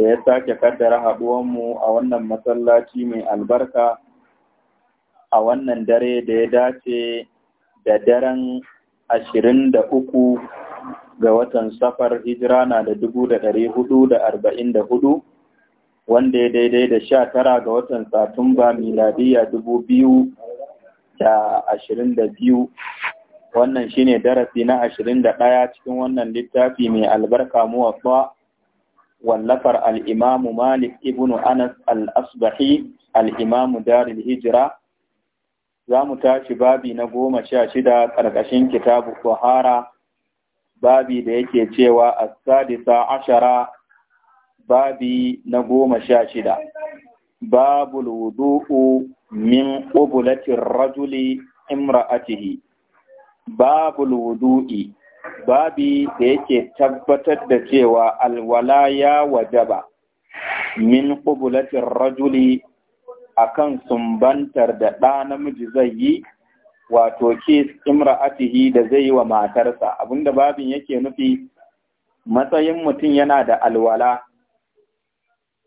da ya sake kaddara haɗuwanmu a wannan masallaci mai albarka a wannan dare da ya dace da daren ashirin da uku ga watan safar hijira na da dubu da ɗari hudu da arba'in da hudu wanda ya daidai da sha tara ga watan satumba miladiya dubu biyu da ashirin da biyu wannan shine darasi na ashirin da ɗaya cikin wannan littafi mai albarka muwaɓɓa wallafar al'imamu Malik ibn Anas al'asbahi al'imamu daril hijira, za mu tashi babi na goma sha shida ƙarƙashin kitabu Buhara, babi da yake cewa a sadisa ashara babi na goma sha shida. Babul wudu'u min ƙubulatin rajuli imra'atihi. Babul wudu'i babi da yake tabbatar da cewa alwala ya wajaba min ƙubulatin rajuli akan sumbantar da ɗa namiji zai yi wato kes imra'atihi da zai yi wa matarsa abinda babin yake nufi matsayin mutum yana da alwala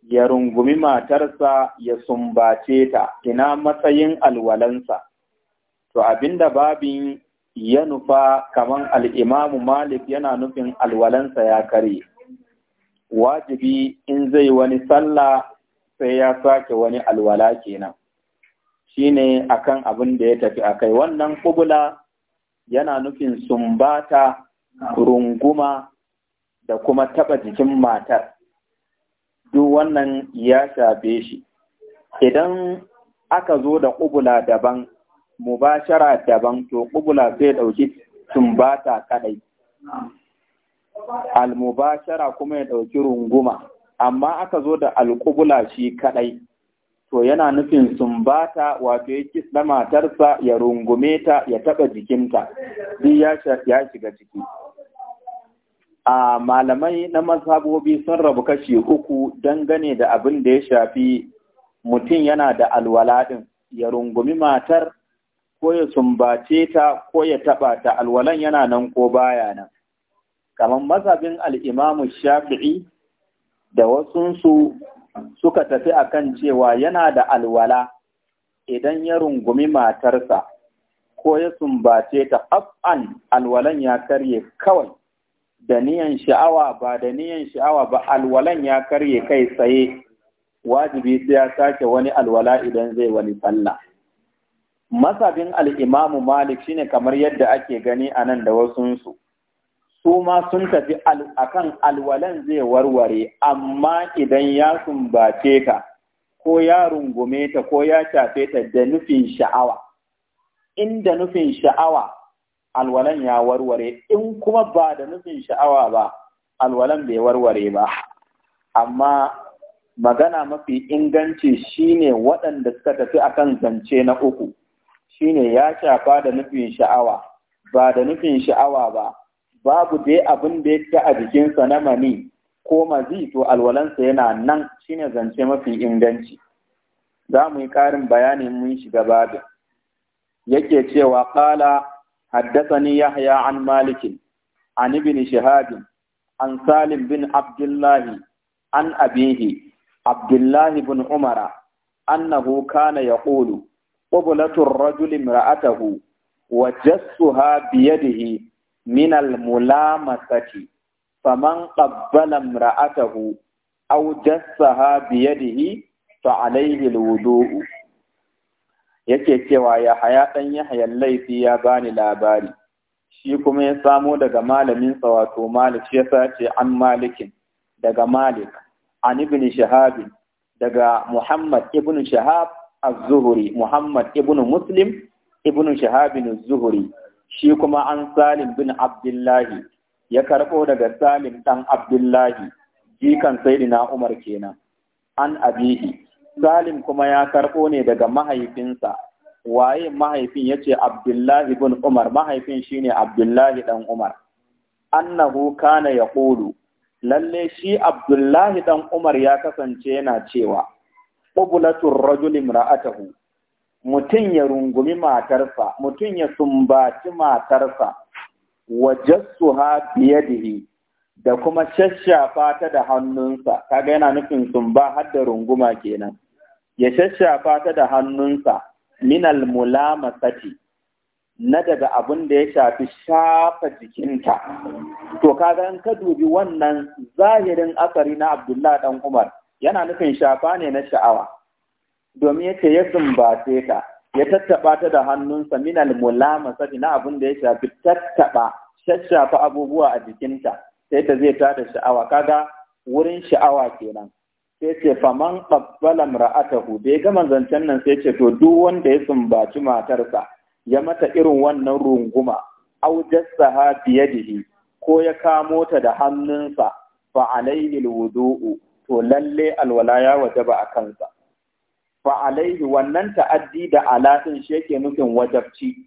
ya rungumi matarsa ya sumbace ta ina matsayin alwalansa to abinda babin ya nufa kaman al'imamu Malik yana nufin alwalansa ya kare. Wajibi in zai wani sallah sai ya sake wani alwala kenan. Shi ne a abin da ya tafi a kai. Wannan kubula yana nufin sumbata, runguma da kuma taɓa jikin matar. Duk wannan ya shafe shi. Idan aka zo da ƙubula daban mubashara daban to ƙubula zai ɗauki sumbata kadai, Al-mubashara kuma ya ɗauki runguma, amma aka zo da kubula shi kadai, To yana nufin sumbata wato ya kis na matarsa ya rungume ta ya taɓa jikinta, duk ya shiga jiki. A malamai na mazhabobi sun rabu kashi uku dangane da abin da ya shafi mutum yana da alwaladin, ya rungumi matar ko ya sumbace ta ko ya taba ta alwalan yana nan ko baya nan kamar mazhabin al'imamu shafi'i da wasunsu suka tafi akan cewa yana da alwala idan ya rungumi matarsa ko ya sumbace ta af'an alwalan ya karye kawai da niyan sha'awa ba da niyan sha'awa ba alwalan ya karye kai tsaye wajibi sai ya sake wani alwala idan zai wani sallah masabin al'imamu malik shine kamar yadda ake gani a nan da wasunsu su ma sun tafi akan alwalan zai warware amma idan ya sumbace ka ko ya rungume ta ko ya shafe ta da nufin sha'awa inda nufin sha'awa alwalan ya warware in kuma ba da nufin sha'awa ba alwalan bai warware ba amma magana mafi inganci shine waɗanda suka tafi akan zance na uku shine ya shafa da nufin sha'awa ba da nufin sha'awa ba babu dai abin da yake a jikinsa na mani ko mazi to alwalansa yana nan shine zance mafi inganci za mu yi ƙarin bayani mun shiga babu yake cewa qala haddathani yahya an malik an ibn shihab an salim bin abdullahi an abihi abdullahi bin umara annahu kana yaqulu qublatur rajulin ra'atahu, wa jassuha biyadihi min al-mulamasati faman qabbala ha aw jassaha biyadihi fa alayhi al-wudu'u yake cewa ya haya ɗan Yahaya laifi ya bani labari shi kuma ya samo daga malamin wato Malik shi yasa an Malikin daga Malik an ibn daga Muhammad ibnu Shahab az-Zuhri Muhammad ibn Muslim ibn Shihab az-Zuhri shi kuma an Salim bin Abdullahi ya karɓo daga Salim ɗan Abdullahi jikan Sayyidina Umar kenan an abihi Salim kuma ya karɓo ne daga mahaifinsa waye mahaifin yace Abdullahi bin Umar mahaifin shine Abdullahi dan Umar annahu kana yaqulu lalle shi Abdullahi dan Umar ya kasance yana cewa qublatur rajuli ra'atahu, mutum ya rungumi matarsa mutum ya sumbaci matarsa wa ha biye da kuma shashafa ta da hannunsa kaga yana nufin sumba har da runguma kenan ya shashafa ta da hannunsa minal masati, na daga abin da ya shafi shafa jikinta to kaga in ka dubi wannan zahirin asari na Abdullahi dan Umar yana nufin shafa ne na sha'awa domin yace ya sumbace ta, ya tattaba ta da hannunsa minal mulamasa na abin da ya shafi tattaba shashafa abubuwa a jikinta sai ta zai ta da sha'awa kaga wurin sha'awa kenan sai ce faman qabbala mar'atahu bai ga zancen nan sai ce to duk wanda ya sumbaci matarsa ya mata irin wannan runguma aw jassaha biyadihi ko ya kamo ta da hannunsa fa alaihi alwudu'u to lalle alwala ya wajaba a kansa fa alaihi wannan ta'addi da alatin shi yake nufin wajabci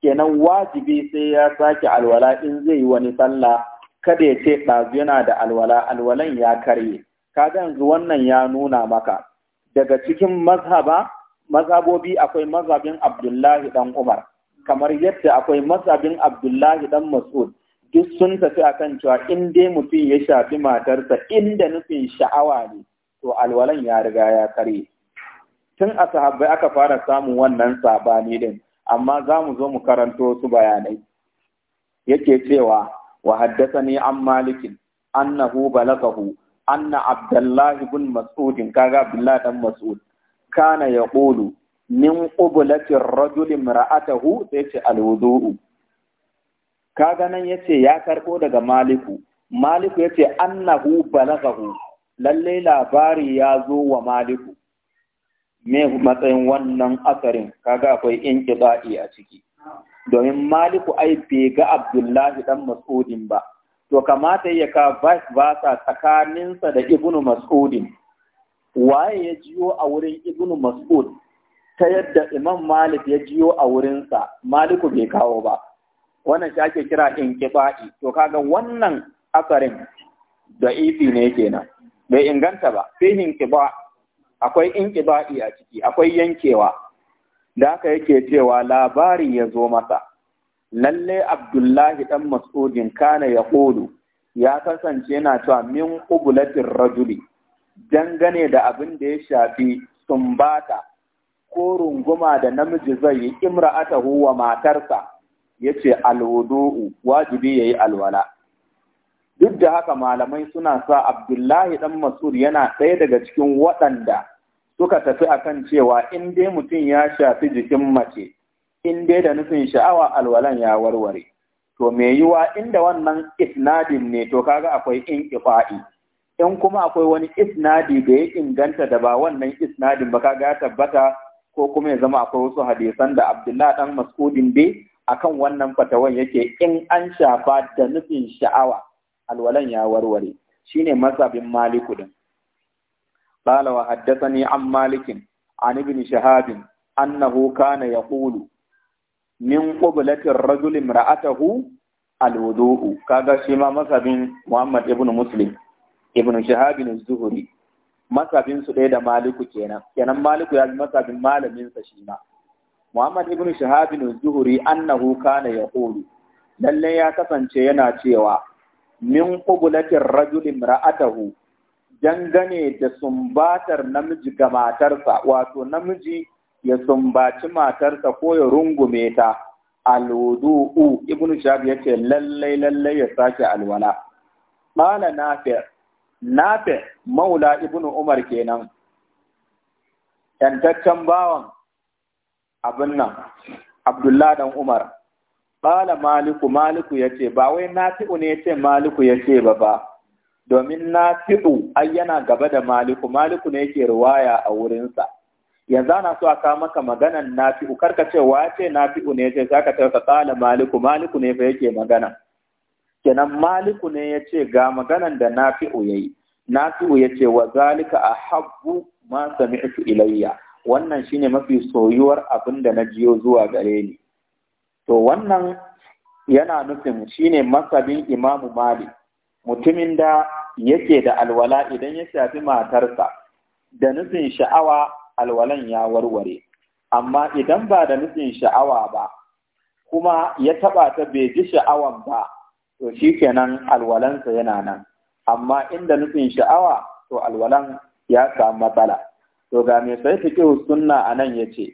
kenan wajibi sai ya sake alwala in zai yi wani sallah kada ya ce ɗazu yana da alwala alwalan ya karye kaga yanzu wannan ya nuna maka daga cikin mazhaba mazhabobi akwai mazhabin abdullahi dan umar kamar yadda akwai mazhabin abdullahi dan mas'ud duk sun tafi a kan cewa in dai mutum ya shafi matarsa inda nufin sha'awa ne to alwalan ya riga ya kare tun a sahabbai aka fara samun wannan sabani din amma za mu zo mu karanto su bayanai yake cewa wa ni an malikin annahu an anna abdullahi bin mas'udin kaga abdullahi dan mas'ud kana yaqulu min qublati ar-rajuli sai ce al-wudu'u kaga nan ce ya karɓo daga maliku maliku ya yace annahu balaghahu lalle labari ya zo wa maliku me matsayin wannan asarin kaga akwai inqida'i a ciki domin maliku ai bai ga abdullahi dan mas'udin ba to kamata ya ka vice versa tsakaninsa da ibnu mas'udin waye ya jiyo a wurin ibnu mas'ud ta yadda imam malik ya jiyo a wurinsa maliku bai kawo ba wannan shi ake kira inqiba'i to kaga wannan asarin da ifi ne kenan bai inganta ba sai inqiba akwai inqiba'i a ciki akwai yankewa da haka yake cewa labari ya zo masa lalle abdullahi dan mas'udin kana ya kulu ya kasance yana cewa min qublatir rajuli dangane da abin da ya shafi sumbata ko runguma da namiji zai yi imra'atahu wa matarsa ya ce alwudu'u wajibi ya yi alwala duk da haka malamai suna sa abdullahi dan masud yana ɗaya daga cikin waɗanda suka tafi akan cewa in dai mutum ya shafi jikin mace in dai da nufin sha'awa alwalan ya warware to me yiwa inda wannan isnadin ne to kaga akwai in in kuma akwai wani isnadi da ya inganta da ba wannan isnadin ba kaga ya tabbata ko kuma ya zama akwai wasu hadisan da Abdullahi dan Mas'udin dai akan wannan fatawan yake in an shafa da nufin sha'awa alwalan ya warware shine mazhabin maliku din qala wa haddathani an malikin an ibn shahab annahu kana yaqulu min qiblati ar-rajul imra'atahu alwudu'u kaga shi ma mazhabin muhammad ibn muslim ibn shahab az-zuhri mazhabin su da maliku kenan kenan maliku ya yi mazhabin malamin sa shi ma Muhammad ibn Shahab az-Zuhri annahu kana yaqulu lalle ya kasance yana cewa min qubulatir rajul imra'atahu dangane da sumbatar namiji ga matarsa wato namiji ya sumbaci matarsa ko ya rungume ta alwudu'u ibn Shahab yace lalle lalle ya sake alwala qala nafi' nafi' maula ibn Umar kenan yantaccen bawan abin nan abdullah dan umar bala maliku maliku yace ba wai na fi'u ne ce maliku yace ba ba domin nafi'u ai yana gaba da maliku maliku ne yake ruwaya a wurinsa yanzu ana so a ka maka maganan nafi'u karka ce wa ce na fi'u ne za ka ce ka qala maliku maliku ne fa yake magana kenan maliku ne ya ce ga maganan da na fi'u ya yi na fi'u ya ce wa zalika a habu ma sami'tu ilayya wannan shine mafi soyuwar abin da na jiyo zuwa gare ni to wannan yana nufin shine masabin imamu mali mutumin da yake da alwala idan ya shafi matarsa da nufin sha'awa alwalan ya warware amma idan ba da nufin sha'awa ba kuma ya taba ta bai ji sha'awan ba to shi shikenan alwalansa yana nan amma inda nufin sha'awa to alwalan ya samu matsala to ga mai sai fiqh sunna anan yace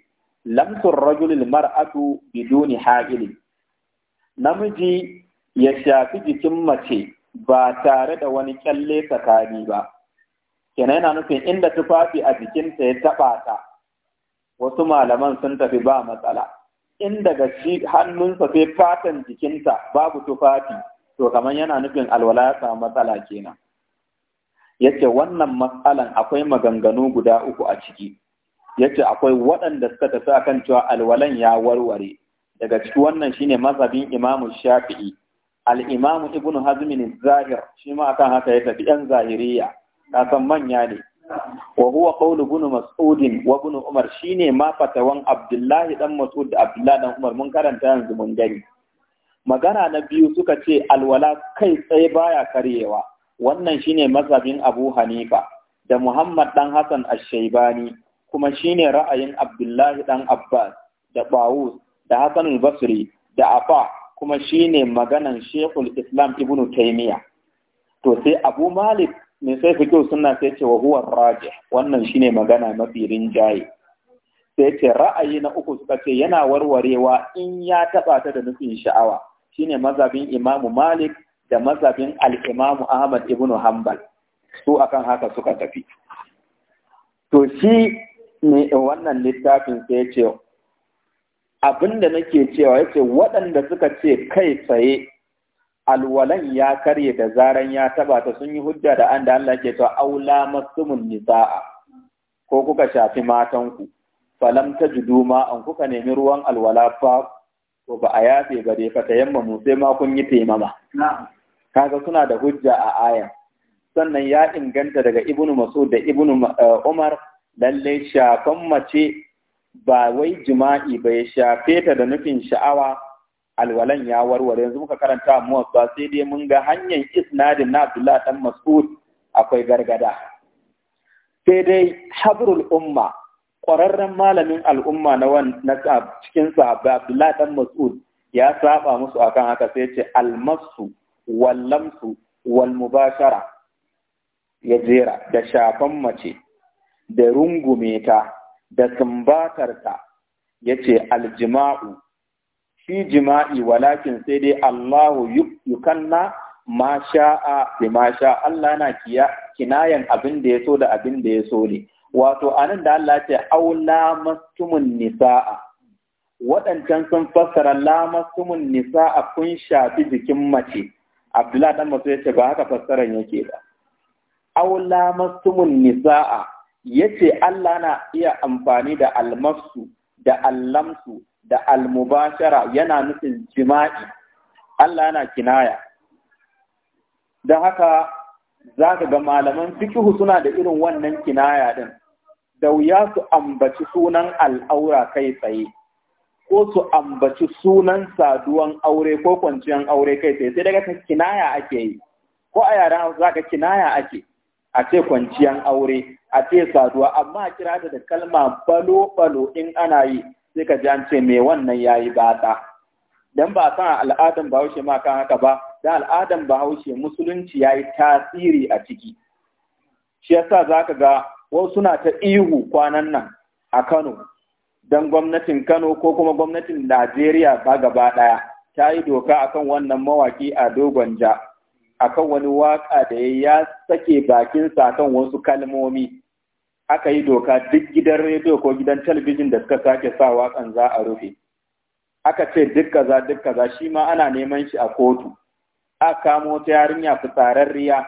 lamsur rajulil mar'atu biduni ha'ili namiji ya shafi jikin mace ba tare da wani kyalle tsakani ba kenan yana nufin inda tufafi a jikinta ya taba ta wasu malaman sun tafi ba matsala in daga shi hannunsa sai fatan jikinta babu tufafi to kamar yana nufin alwala ya samu matsala kenan yace wannan matsalan akwai maganganu guda uku a ciki yace akwai waɗanda suka tafi akan cewa alwalan ya warware daga ciki wannan shine mazhabin Imam Shafi'i al Ibnu Ibn hazmin zahir shi ma akan haka ya tafi yan zahiriya san manya ne wa huwa qawlu ibn Mas'ud wa ibn Umar shine ma fatawan Abdullah dan Mas'ud da Abdullah dan Umar mun karanta yanzu mun gani magana na biyu suka ce alwala kai tsaye baya karyewa wannan shine mazhabin Abu Hanifa da Muhammad dan Hassan Ash-Shaybani kuma shine ra'ayin Abdullahi dan Abbas da Bawus da Hassan al-Basri da Afa kuma shine maganan Sheikhul Islam Ibn Taymiyyah to sai Abu Malik mai sai kyau suna sai ce wa huwa rajih wannan shine magana mafi rinjaye sai ce ra'ayi na uku suka ce yana warwarewa in ya taba ta da nufin sha'awa shine mazhabin Imamu Malik da mazhabin al-Imam Ahmad ibn Hanbal su akan haka suka tafi to shi ne wannan littafin sai ya ce abinda nake cewa yace waɗanda suka ce kai tsaye alwalan ya karye da zaran ya taba ta sun yi hujja da an da Allah ke cewa aula masumun nisa'a ko kuka shafi matanku falam ta ma an kuka nemi ruwan alwala fa ko ba a yafe ba dai fata yamma mu sai ma kun yi taimama kaga suna da hujja a ayan sannan ya inganta daga ibnu mas'ud da ibnu eh, umar lalle shafan mace ba wai jima'i bai shafe ta da nufin sha'awa alwalan ya warware yanzu muka karanta mu ba sai dai mun ga hanyar isnadin na Abdullah dan Mas'ud akwai gargada sai dai habrul umma ƙwararren malamin al'umma na cikin sahabbai Abdullahi dan Mas'ud ya saba musu akan haka sai ce almasu wallamsu wal mubashara ya jera da shafan mace da rungume ta da sumbatarta ya ce aljima'u shi jima'i walakin sai dai Allahu yukanna ma sha'a bi ma Allah na kiya kinayan abin da ya so da abin da ya so ne wato anan da Allah ce aula mastumun nisa'a waɗancan sun fassara lamastumun nisa'a kun shafi jikin mace Abdullah dan ya yace ba haka fassaran yake ba aula mastumun nisa'a yace Allah na iya amfani da almasu da allamsu da almubashara yana nufin jima'i Allah yana kinaya don haka za ga malaman fikihu suna da irin wannan kinaya din da wuya su ambaci sunan al'aura kai tsaye ko su ambaci sunan saduwan aure ko kwanciyar aure kai tsaye sai daga kinaya ake yi ko a yaren hausa ka kinaya ake a ce kwanciyan aure a ce saduwa amma a kira da kalma balo balo in ana yi sai ka ji an ce me wannan yayi bata dan ba san al'adan bahaushe ma kan haka ba da al'adan bahaushe musulunci ya yi tasiri a ciki shi yasa ka ga wasu na ta ihu kwanan nan a Kano don gwamnatin Kano ko kuma gwamnatin Najeriya ba gaba ɗaya ta yi doka a kan wannan mawaki a dogon ja akan wani waka da ya sake sa kan wasu kalmomi aka yi doka duk gidan rediyo ko gidan talabijin da suka sake sa waƙan za a rufe aka ce duk kaza duk kaza shi ma ana neman shi a kotu a kamo ta yarinya fitsararriya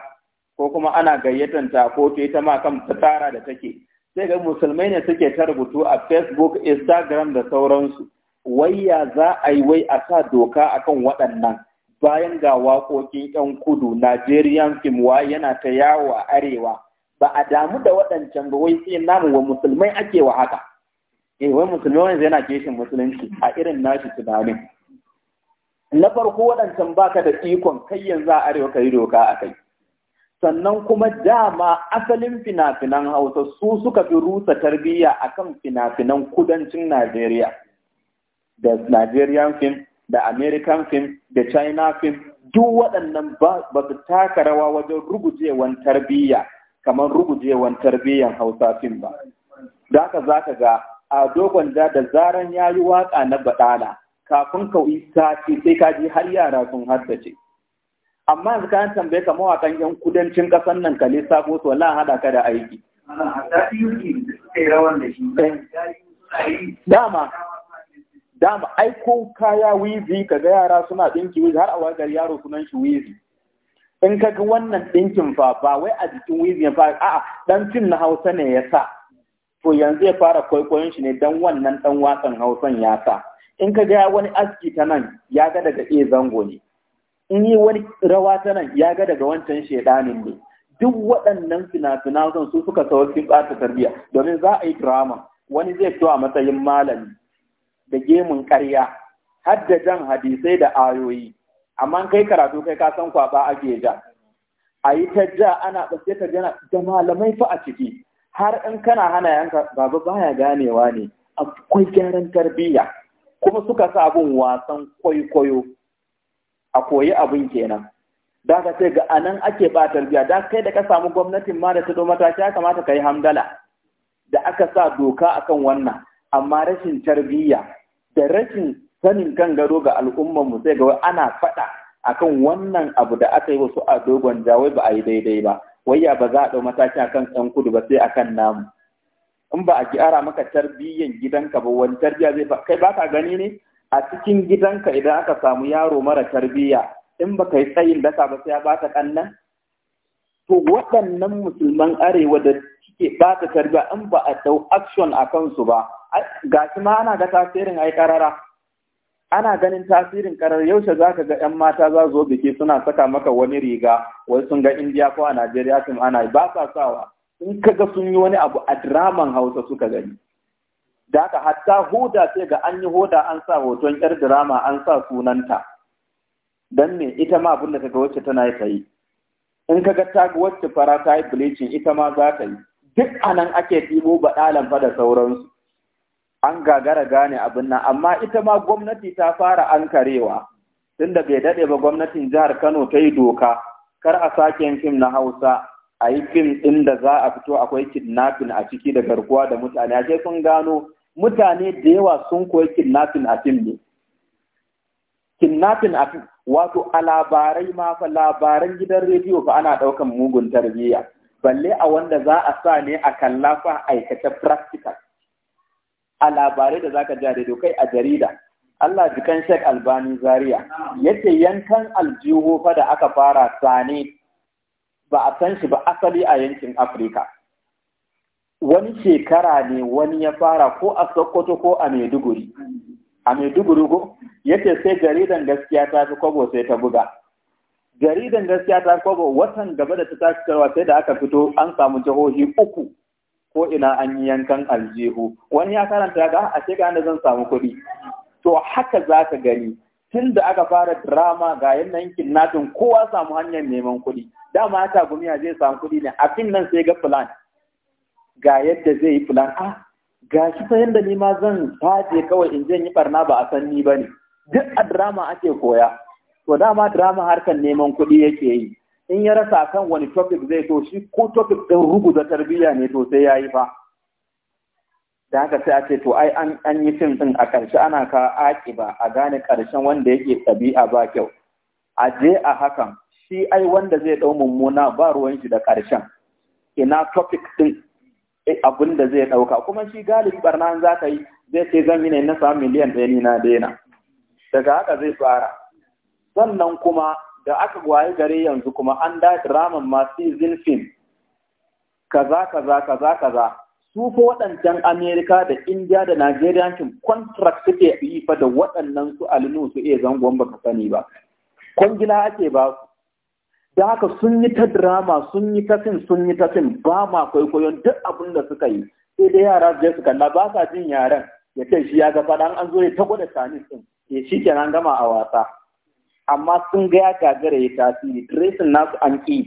ko kuma ana gayyatan ta ko ta ita ma kan tsara da take sai ga musulmai ne suke ta rubutu a facebook instagram da sauransu wai za a yi wai a sa doka akan waɗannan bayan ga waƙoƙin 'yan kudu nigerian film wa yana ta yawo a arewa ba a damu da waɗancan ba wai sai namu wa musulmai ake wa haka eh wai musulmai wanda yana kishin musulunci a irin nashi tunani. na farko waɗancan baka da ikon kai yanzu a arewa ka yi doka a kai sannan kuma dama asalin fina-finan hausa su suka fi rusa tarbiyya kan fina-finan kudancin najeriya da nigerian film da american film da china film duk waɗannan ba su taka rawa wajen rugujewan tarbiyya kamar rugujewan tarbiyyan hausa fim ba da haka za ka ga a dogon da da zaran ya yi waƙa na baɗala kafin kawai yi sai ka ji har yara sun haddace amma yanzu kayan tambaye ka mawakan yan kudancin kasan nan ka sabo su wala hada ka da aiki eh, dama dama da, kaya wizi ka ga yara suna dinki wizi har a wajar yaro sunan shi wizi in ka ga wannan dinkin fa ba wai a jikin wizi ya fara a'a dan fim na Hausa ne ya sa to yanzu ya fara kwaikwayon shi ne dan wannan dan wasan Hausan ya sa in ka ga wani aski ta nan ya ga daga e zango ne in yi wani rawa ta nan ya ga daga wancan shaidanin ne duk waɗannan fina-fina zan su suka wasu ɓata tarbiyya domin za a yi drama wani zai fito a matsayin malami da gemun ƙarya har jan hadisai da ayoyi amma kai karatu kai ka san kwaba ake ja a yi ta ja ana ɓace ta jana da malamai fa a ciki har in kana hana yanka baba baya ganewa ne akwai gyaran tarbiyya kuma suka sa bin wasan kwaikwayo a koyi abin kenan da ka sai ga anan ake ba tarbiya da kai da ka samu gwamnatin ma da ta mataki ya kamata ka yi hamdala da aka sa doka akan wannan amma rashin tarbiyya da rashin sanin kan gado ga al'ummarmu sai ga ana faɗa akan wannan abu da aka yi wasu a dogon jawai ba a yi daidai ba wayya ba za a ɗau matashi akan ɗan kudu ba sai akan namu in ba a gyara maka tarbiyyan gidanka ba wani tarbiyya zai kai ba ka gani ne a cikin gidanka idan aka samu yaro mara tarbiyya in ba ka yi tsayin daka ba sai ya bata kannan to waɗannan musulman arewa da suke bata tarbiyya in ba a dau action a kansu ba ga shi ma ana ga tasirin ai karara ana ganin tasirin karar yaushe za ka ga 'yan mata za zo biki suna saka maka wani riga wai sun ga indiya ko a najeriya sun ana ba sa sawa sun kaga sun yi wani abu a draman hausa suka gani da haka hatta hoda sai ga an yi hoda an sa hoton yar dirama an sa sunanta dan me ita ma abin da kaga wacce tana yi ta yi in kaga ta ga wacce fara ta yi bleaching ita ma za ta yi duk anan ake ɗibo baɗalan fa da sauransu an gagara gane abin nan amma ita ma gwamnati ta fara an karewa da bai daɗe ba gwamnatin jihar Kano ta yi doka kar a sake yin fim na Hausa a yi fim ɗin da za a fito akwai kidnapping a ciki da garkuwa da mutane a sun gano mutane da yawa sun koyi kidnapping a ne kidnapping a wato a labarai ma fa labaran gidan rediyo fa ana ɗaukan mugun tarbiyya balle a wanda za a sa ne a kalla fa aikace practical a labarai da zaka ja rediyo kai a jarida Allah jikan Sheikh Albani Zaria yace yankan aljihu fa da aka fara sane ba a san shi ba asali a yankin Afirka wani shekara ne wani ya fara ko a Sokoto ko a Maiduguri. A Maiduguri ko yace sai jaridan gaskiya ta fi kwabo sai ta buga. Jaridan gaskiya ta kwabo watan gaba da ta tashi karwa sai da aka fito an samu jihohi uku ko ina an yi yankan aljihu. Wani ya karanta ga a ce da zan samu kuɗi. To haka za ka gani tun da aka fara drama ga yanayin kidnapping kowa samu hanyar neman kuɗi. Dama ta gumiya zai samu kuɗi ne a fin nan sai ga plan ga yadda zai yi fulan a ah, ga shi ta yadda ni ma zan faje kawai in zan yi barna ba a san ni ba ne duk a drama ake koya to dama drama harkar neman kuɗi yake yi in ya rasa kan wani topic zai to shi ko topic ɗin da tarbiyya ne to sai ya yi fa da haka sai a to ai an yi fim ɗin a ƙarshe ana ka ba a gane ƙarshen wanda yake ɗabi'a ba kyau a je a hakan shi ai wanda zai ɗau mummuna ba ruwan shi da ƙarshen ina topic ɗin Eh, abin da zai ɗauka kuma shi galibi barna za ka yi zai ce zan yi ne na samu miliyan ɗaya ni na daina daga haka zai fara sannan kuma da aka gwaye gare yanzu kuma an da ramin masu zinfin. kaza kaza kaza kaza su fa waɗancan amerika da India da najeriya kin contract suke yi fa da waɗannan su alinu su iya zangon baka sani ba kwangila ake ba su da haka sun yi ta drama sun yi ta fim sun yi ta fim ba ma kwaikwayon duk abin da suka yi sai dai yara zai je su kalla ba sa jin yaren ya ce shi ya ga faɗan an zo ya ta gwada tanis sun. ya shi ke nan gama a wasa amma sun ga ya gagara ya tasiri tracing nasu an ƙi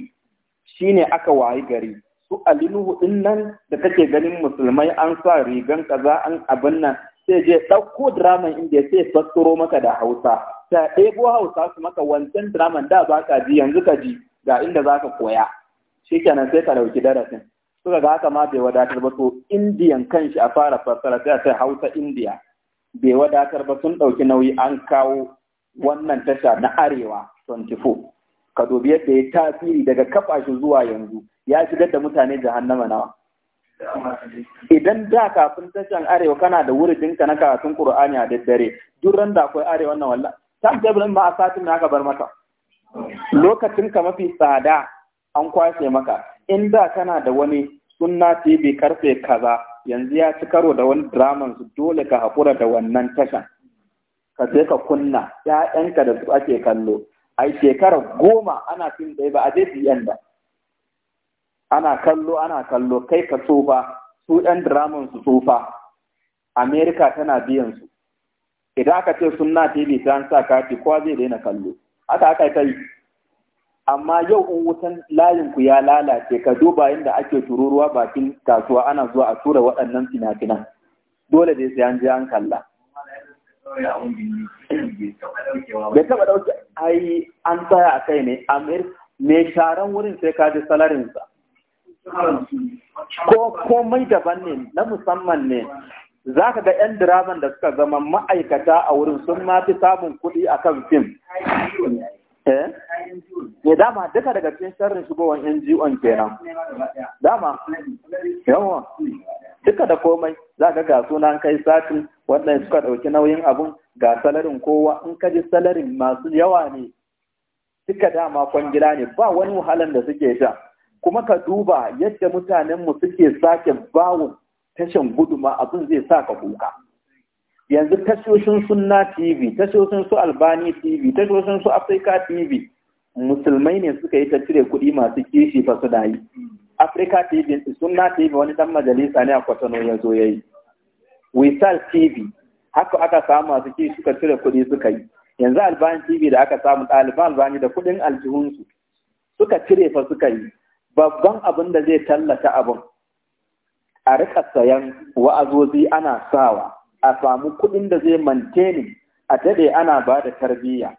shi ne aka wayi gari su alinuhu din nan da kake ganin musulmai an sa rigan kaza an abin nan sai je ɗauko draman indiya sai fassaro maka da hausa ta ɗebo hausa su maka wancan draman da ba ka ji yanzu ka ji ga inda za ka koya shikenan sai ka ɗauki darasin suka ga haka ma bai wadatar ba to indiyan kanshi a fara fassara sai a sai hausa indiya bai wadatar ba sun ɗauki nauyi an kawo wannan tasha na arewa 24 ka dubi yadda ya tasiri daga kafa zuwa yanzu ya shigar da mutane jahannama nawa idan da kafin tashan arewa kana da wuridinka na karatun ƙur'ani a daddare duk ran da akwai arewa wannan wallahi tam table ma a satin na aka bar maka lokacin ka mafi tsada an kwashe maka in da kana da wani sunna tv karfe kaza yanzu ya ci karo da wani draman su dole ka haƙura da wannan tashan ka je ka kunna 'ya'yanka da su ake kallo ai shekara goma ana fim ɗaya ba a je biyan ba ana kallo ana kallo kai ka tsufa su ɗan draman su tsufa amerika tana biyan su idan aka ce suna tv ta sa kati kowa zai daina kallo haka aka ta yi amma yau in wutan layin ya lalace ka duba inda ake tururuwa bakin kasuwa ana zuwa a tura waɗannan fina-finan dole dai sai an je an kalla bai taɓa ɗauke ai an tsaya a kai ne amir mai sharan wurin sai ka ji salarinsa ko komai daban ne na musamman ne za ka ga 'yan diraman da suka zama ma'aikata a wurin sun ma fi samun kuɗi a kan fim ne eh? eh, dama duka daga cikin sharrin shigowar NGO kenan dama yawa duka da komai za ka ga sunan kai satin wannan suka ɗauki nauyin abun ga salarin kowa in ka ji salarin masu yawa ne duka dama kwangila ne ba wani wahalan da suke sha kuma ka duba yadda mutanenmu suke sake bawo tashin guduma abin zai sa ka kuka yanzu tashoshin sunna tv tashoshin su albani tv tashoshin su Afirka tv musulmai ne suka yi ta cire kuɗi masu kishi fa suna yi Afirka tv sunna tv wani dan majalisa ne a kwatano ya zo ya yi wisal tv haka aka samu masu kishi suka cire kuɗi suka yi yanzu albani tv da aka samu ɗaliban albani da kuɗin aljihunsu suka cire fa suka yi babban abin da zai tallata abin a rika sayan wa'azozi ana sawa a samu kuɗin da zai manteni a daɗe ana ba da tarbiyya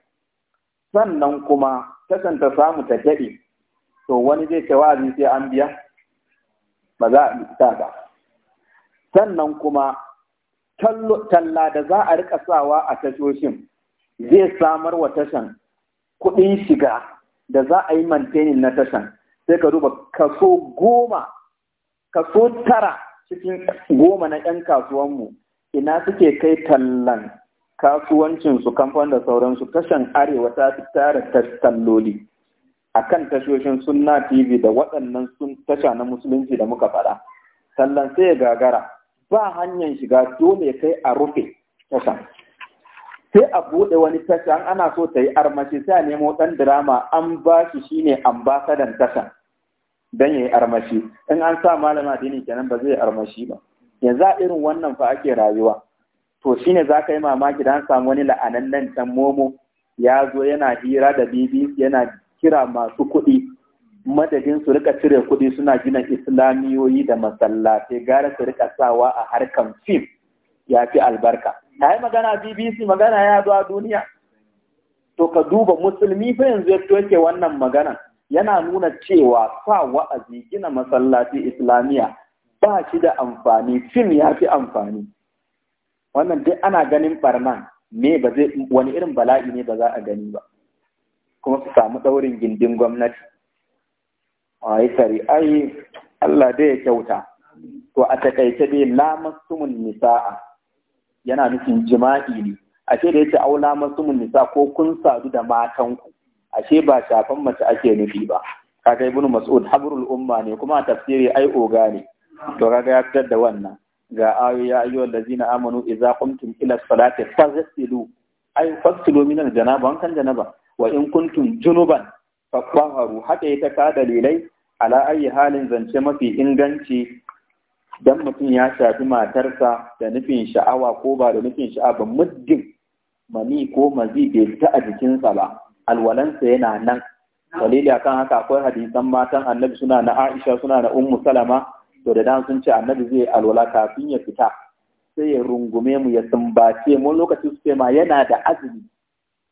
sannan kuma takan ta samu ta daɗe to wani zai ce wa'azi sai an biya ba za a isa ba sannan kuma talla da za a rika sawa a tashoshin zai samar wa tashan kuɗin shiga da za a yi mantenin na tashan sai ka duba kaso goma kaso tara cikin goma na 'yan kasuwanmu ina suke kai tallan kasuwancinsu kamfan da sauransu tashan arewa ta fi tara talloli a kan tashoshin sunna tv da waɗannan sun tasha na musulunci da muka faɗa tallan sai ya gagara ba hanyar shiga dole kai a rufe tashan sai a buɗe wani tashan ana so ta yi armashi sai a nemo ɗan dirama an ba shi shine ambasadan tashan dan yi armashi in an sa malamin addini kenan ba zai armashi ba yanzu a irin wannan fa ake rayuwa to shine za ka yi mamaki dan samu wani la'anannen dan momo ya zo yana hira da bibi yana kira masu kuɗi madadin su rika cire kuɗi suna gina islamiyoyi da masallatai gara su rika sawa a harkan fim ya fi albarka ta yi magana bbc magana ya zo a duniya to ka duba musulmi fa yanzu ya yake wannan magana yana nuna cewa sa wa'azi gina masallaci islamiyya ba shi da amfani fim ya fi amfani wannan dai ana ganin barna me ba zai wani irin bala'i ne ba za a gani ba kuma su samu ɗaurin gindin gwamnati a yi sari ai Allah dai ya kyauta to a takaice dai lamastumun nisa'a yana nufin jima'i ne a ce da yace au lamastumun nisa ko kun sadu da matanku ashe ba shafan mace ake nufi ba kaga ibnu mas'ud habrul umma ne kuma tafsiri ai oga ne to kaga ya fitar da wannan ga ayo ya ayu allazina amanu idza qumtum ila salati faghsilu ay faghsilu min janaba wankan janaba wa in kuntum junuban fatahharu hada ita ka dalilai ala ayi halin zance mafi inganci dan mutum ya shafi matarsa da nufin sha'awa ko ba da nufin sha'awa muddin mani ko mazi bai ta a jikinsa ba alwalansa yana nan dalili kan haka akwai hadisan matan annabi suna na Aisha suna na Ummu Salama to da dan sun ce annabi zai alwala kafin ya fita sai ya rungume mu ya sumbace mu lokacin su ce ma yana da azumi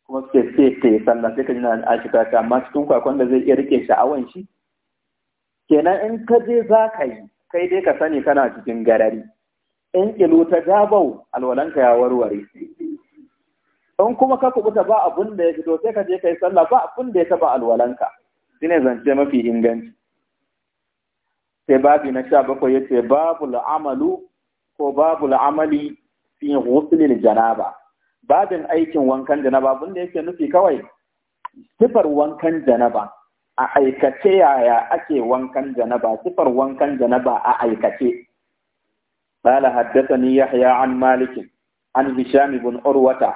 kuma su ce sai ke sallah sai ka ji na Aisha ta ce amma cikin kwakwan da zai iya rike sha'awan shi kenan in ka je za ka yi kai dai ka sani kana cikin garari in kilo ta dabau alwalanka ya warware in kuma ka kubuta ba abin da ya fito sai ka je kai sallah ba abin da ya taba alwalanka ne zance mafi inganci sai babi na sha bakwai ya ce babu la'amalu ko babu la'amali fi ghuslil janaba babin aikin wankan janaba abin da yake nufi kawai sifar wankan janaba a aikace yaya ake wankan janaba sifar wankan janaba a aikace قال حدثني يحيى عن مالك عن هشام بن عروه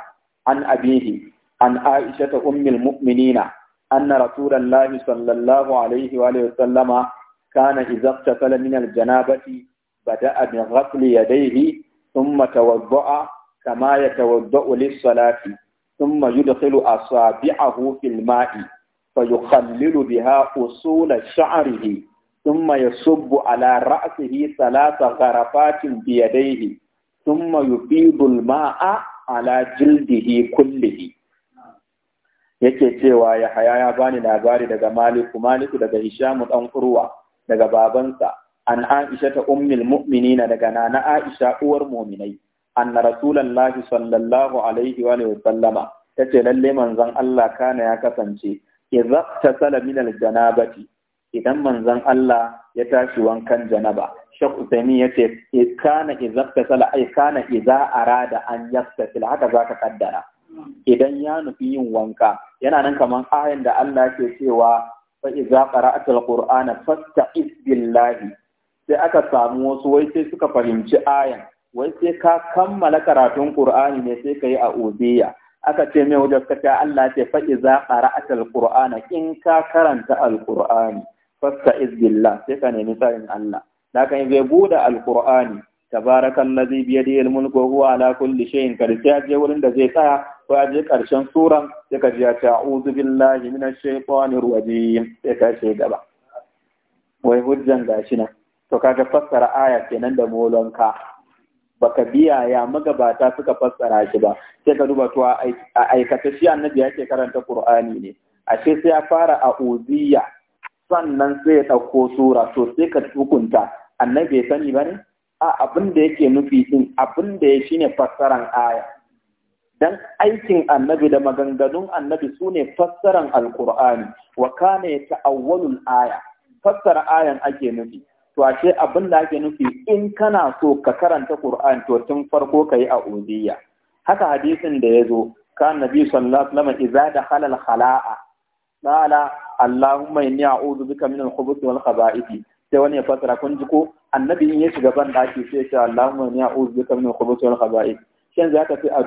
an abihi an aisha ta ummul mu'minina anna rasulullahi sallallahu alaihi wa sallama kana idza ightasala min al-janabati bada'a bi ghasli yadayhi thumma tawadda'a kama yatawadda'u lis-salati thumma yudkhilu asabi'ahu fil ma'i فيخلل بها أصول شعره ثم يصب على رأسه ثلاث غرفات بيديه ثم يفيض الماء ala jildihi kullihi yake cewa ya haya ya bani labari daga maliku maliku daga hishamu dan urwa daga babansa an aisha ta ummil mu'minina daga nana aisha uwar mu'minai anna rasulullahi sallallahu alaihi wa sallama tace lalle manzon Allah kana ya kasance idza tasala min al janabati idan manzon Allah ya tashi wankan janaba Sheikh Uthaymeen yace kana sala ai kana iza arada an yaktasila haka zaka kaddara idan ya nufi yin wanka yana nan kaman ayan da Allah ke cewa fa iza qara'ta alqur'ana fasta'iz billahi sai aka samu wasu wai sai suka fahimci ayan wai sai ka kammala karatun qur'ani ne sai kai a ubiya aka ce mai wajen kace Allah ce fa iza qara'ta alqur'ana in ka karanta alqur'ani Fasta billah sai ka nemi tsarin Allah da kan zai bude alqur'ani tabarakallazi biya da almulku mulku, huwa ala kulli shay'in karshe ya je wurin da zai tsaya ko ya je karshen suran sai ka ji ya ce nuna billahi minash shaitanir rajim sai ka ce gaba wai hujjan gashi nan to kaga fassara aya kenan da molonka baka biya ya magabata suka fassara shi ba sai ka duba to a aikata shi annabi yake karanta qur'ani ne ashe sai ya fara a Uziya. sannan sai ya ɗauko sura to sai ka hukunta annabi bai sani ba ne a abin da yake nufi din abin da ya shine fassaran aya dan aikin annabi da maganganun annabi sune ne fassaran alƙur'ani wa kana ya aya fassara ayan ake nufi to ce abin da ake nufi in kana so ka karanta qur'an to tun farko kayi a uziya haka hadisin da ya yazo ka nabi sallallahu alaihi wasallam idza dakhala al khala'a Allahumma inni a'udhu bika min al-khubuthi sai wani ya fasara kun ji ko annabi in ya shiga ban daki sai ya ce Allahumma inni a'udhu bika min al wal khaba'ith shin za ka fi a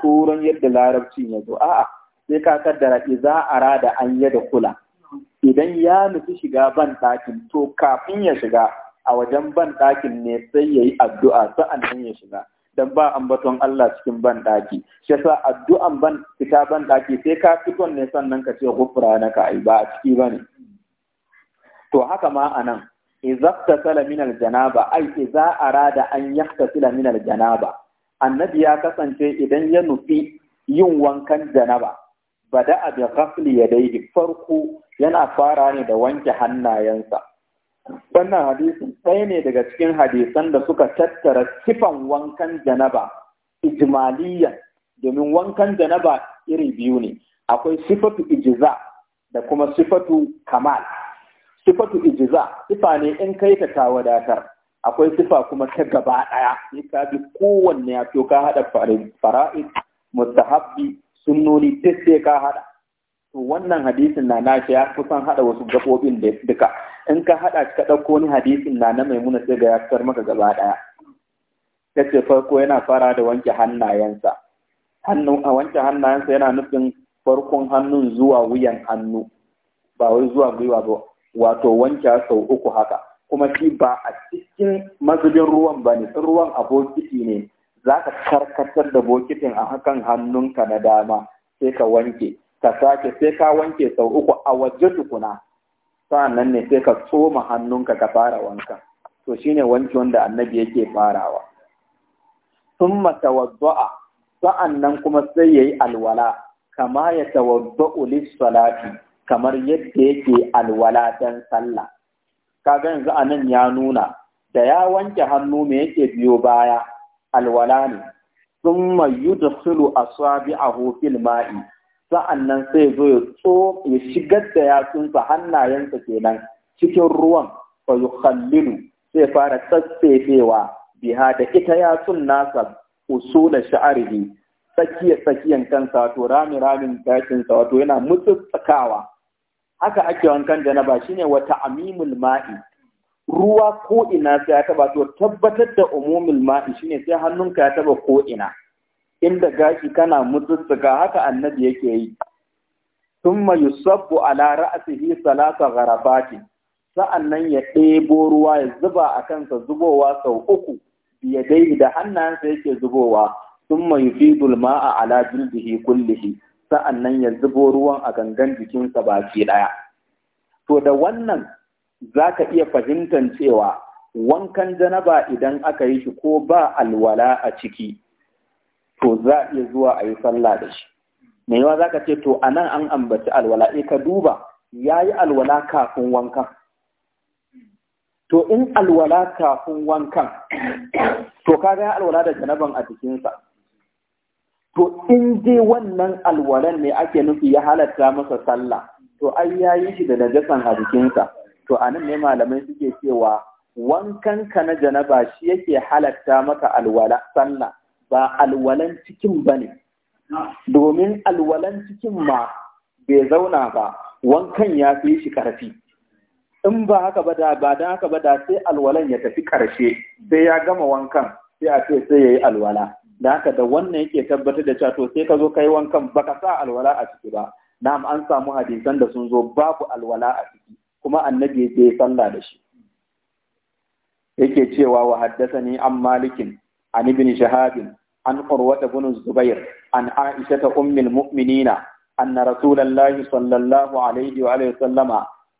turan yadda larabcin ya zo a'a sai ka kaddara idza arada an yada kula idan ya nufi shiga ban dakin to kafin ya shiga a wajen ban dakin ne sai yayi addu'a sa'annan ya shiga dan ba ambaton Allah cikin ban daki shi yasa addu'an ban fita ban daki sai ka fito ne sannan ka ce ka ai ba a ciki bane to haka ma anan izaktasala min aljanaba ai iza arada an yaktasila min aljanaba annabi ya kasance idan ya nufi yin wankan janaba bada bi ghasli yadayhi farko yana fara ne da wanke hannayensa wannan hadisi ɗaya ne daga cikin hadisan da suka tattara sifan wankan janaba ijmaliyan domin wankan janaba iri biyu ne akwai sifatu ijiza da kuma sifatu kamal sifatu ijiza sifa ne in kai ta ta wadatar akwai sifa kuma ta gaba ɗaya ya ka bi kowanne ya ka haɗa fara'id mustahabbi sunnoni duk sai ka haɗa to wannan hadisin na nashi ya kusan hada wasu gabobin da duka in ka hada ka dauko ni hadisin na na maimuna sai ga ya fitar maka gaba daya kace farko yana fara da wanke hannayensa hannun a wanke hannayensa yana nufin farkon hannun zuwa wuyan hannu ba wai zuwa gwiwa ba wato wanke sau uku haka kuma shi ba a cikin mazubin ruwan ba ne ruwan a bokiti ne za ka karkatar da bokitin a hakan hannunka na dama sai ka wanke ka sake sai ka wanke sau uku a waje tukuna nan ne sai ka tsoma hannunka ka fara wanka to shine wanke wanda annabi yake farawa thumma sa'an sa'annan kuma sai ya yi alwala kama ya tawadda'u lis kamar yadda yake alwala dan sallah kaga yanzu anan ya nuna da ya wanke hannu me yake biyo baya alwala ne a yudkhilu sulu fil ma'i sa'an nan sai zo ya tso ya shigar da yatsunsa hannayensa kenan cikin ruwan fa yukhallilu sai fara tsatsefewa biha da ita yatsun nasa usula sha'arihi tsakiya tsakiyar kansa wato rami ramin dakinsa wato yana mutsutsakawa haka ake wankan da janaba shine wata amimul ma'i ruwa ko'ina sai ya taba to tabbatar da umumul ma'i shine sai hannunka ya taba ko'ina. inda gashi kana mutsutsuka haka annabi yake yi thumma yusabbu ala ra'sihi salasa gharabati sa'annan ya ɗebo ruwa ya zuba a kansa zubowa sau uku ya dai da hannayensa yake zubowa thumma yufidul ma'a ala jildihi kullihi sa'annan ya zubo ruwan a gangan jikinsa baki ɗaya to da wannan zaka iya fahimtar cewa wankan janaba idan aka yi shi ko ba alwala a ciki to za a iya zuwa a yi sallah da shi me yawa za ka ce to a nan an ambaci alwala e ka duba ya yi alwala kafin wankan to in alwala kafin wankan to kaga ya alwala da janaban a jikinsa to in dai wannan alwalan ne ake nufi ya halatta masa sallah to ai yayi shi da najasan a jikinsa to a nan ne malamai suke cewa wankan ka na janaba shi yake halatta maka alwala sallah ba alwalan cikin ba ne domin alwalan cikin ma bai zauna ba wankan ya fi shi ƙarfi in ba haka ba da ba haka ba da sai alwalan ya tafi ƙarshe sai ya gama wankan sai a ce sai ya yi alwala da haka da wannan yake tabbatar da cewa to sai ka zo ka yi wankan ba ka sa alwala a ciki ba na'am an samu hadisan da sun zo babu alwala a ciki kuma annabi ya yi sallah da shi yake cewa wa ni an malikin an ibn shahabin عن عروة بن الزبير عن عائشة أم المؤمنين أن رسول الله صلى الله عليه وآله وسلم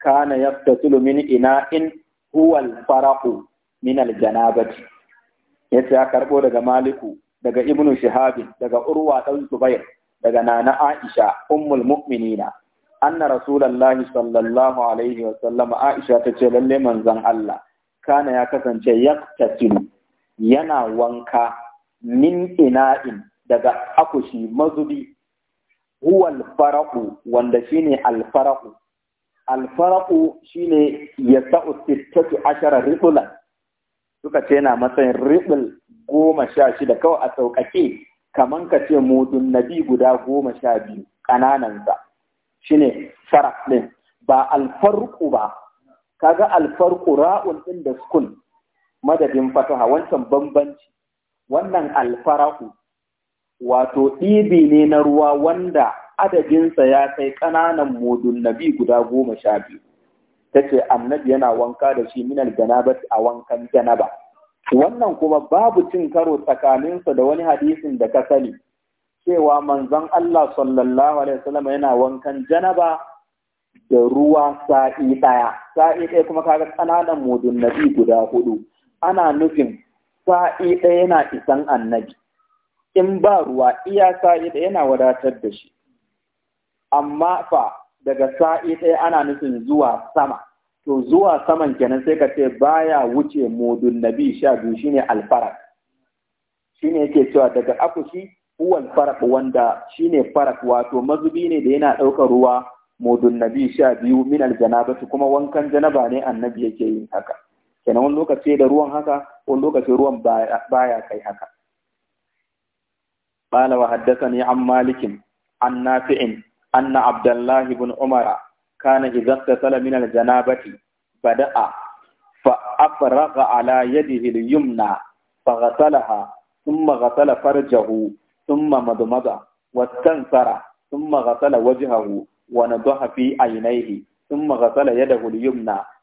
كان يغتسل من إناء هو الفرق من الجنابة ya karɓo daga Maliku daga Ibnu Shihab daga Urwa ɗan Zubair daga Nana Aisha ummul mu'minina anna rasulullahi sallallahu alaihi wa sallam Aisha tace manzon Allah kana ya kasance yaktasilu yana wanka min ina'in daga akushi mazubi huwa alfaraqu wanda shine Alfaraku. Alfaraku shine ya ta'u sittatu ashara ribulan suka ce yana matsayin ribul goma sha shida kawai a sauƙaƙe kaman ka ce mudun nabi guda goma sha biyu ƙananansa shine faraq ɗin ba alfarqu ba kaga alfarqu ra'un ɗin da sukun madadin fataha wancan bambanci wannan alfarahu wato ɗibi ne na ruwa wanda adadinsa ya kai ƙananan modun nabi guda goma sha biyu ta ce annabi yana wanka da shi minal janabat a wankan janaba wannan kuma babu cin karo tsakaninsa da wani hadisin da ka sani cewa manzon Allah sallallahu alaihi wasallam yana wankan janaba da ruwa sa'i ɗaya sa'i ɗaya kuma kaga ƙananan modun nabi guda hudu ana nufin sa'i ɗaya yana isan annabi in ba ruwa iya sa'i ɗaya yana wadatar da shi amma fa daga sa'i ɗaya ana nufin zuwa sama to zuwa saman kenan sai ka ce baya wuce modun nabi sha biyu shine alfarak shine yake cewa daga akushi huwal farak wanda shine farak wato mazubi ne da yana ɗaukar ruwa modun nabi sha biyu min aljanabatu kuma wankan janaba ne annabi yake yin haka Sani wani lokacin yadda ruwan haka, ko lokacin ruwan baya kai haka. Bala wahadda sani an malikin, an nafi'in, an na Abdullahi bin Umar, kana hizarta sallamar jana'abati. Bada'a, fa'adda ra'ala yadda yi da yin yunwa, fa'adda raha, sun maƙa sala farjahu sun ma madamaɗa. Wa ɗan tsara, sun maƙa sala wajahahu, wani duha fiye a yi na yake,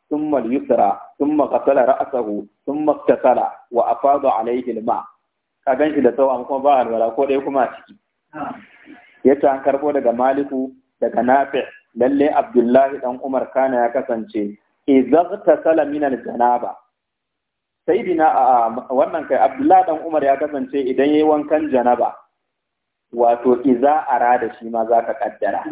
ثم اليسرى ثم غسل رأسه ثم اغتسل وأفاض عليه الماء kagan shi da tsawo kuma ba alwala ko ɗaya kuma a ciki yace an daga maliku daga nafi lalle abdullahi dan umar kana ya kasance izagtasala min aljanaba sayidina wannan kai abdullahi dan umar ya kasance idan yayi wankan janaba wato iza da shi ma zaka ƙaddara.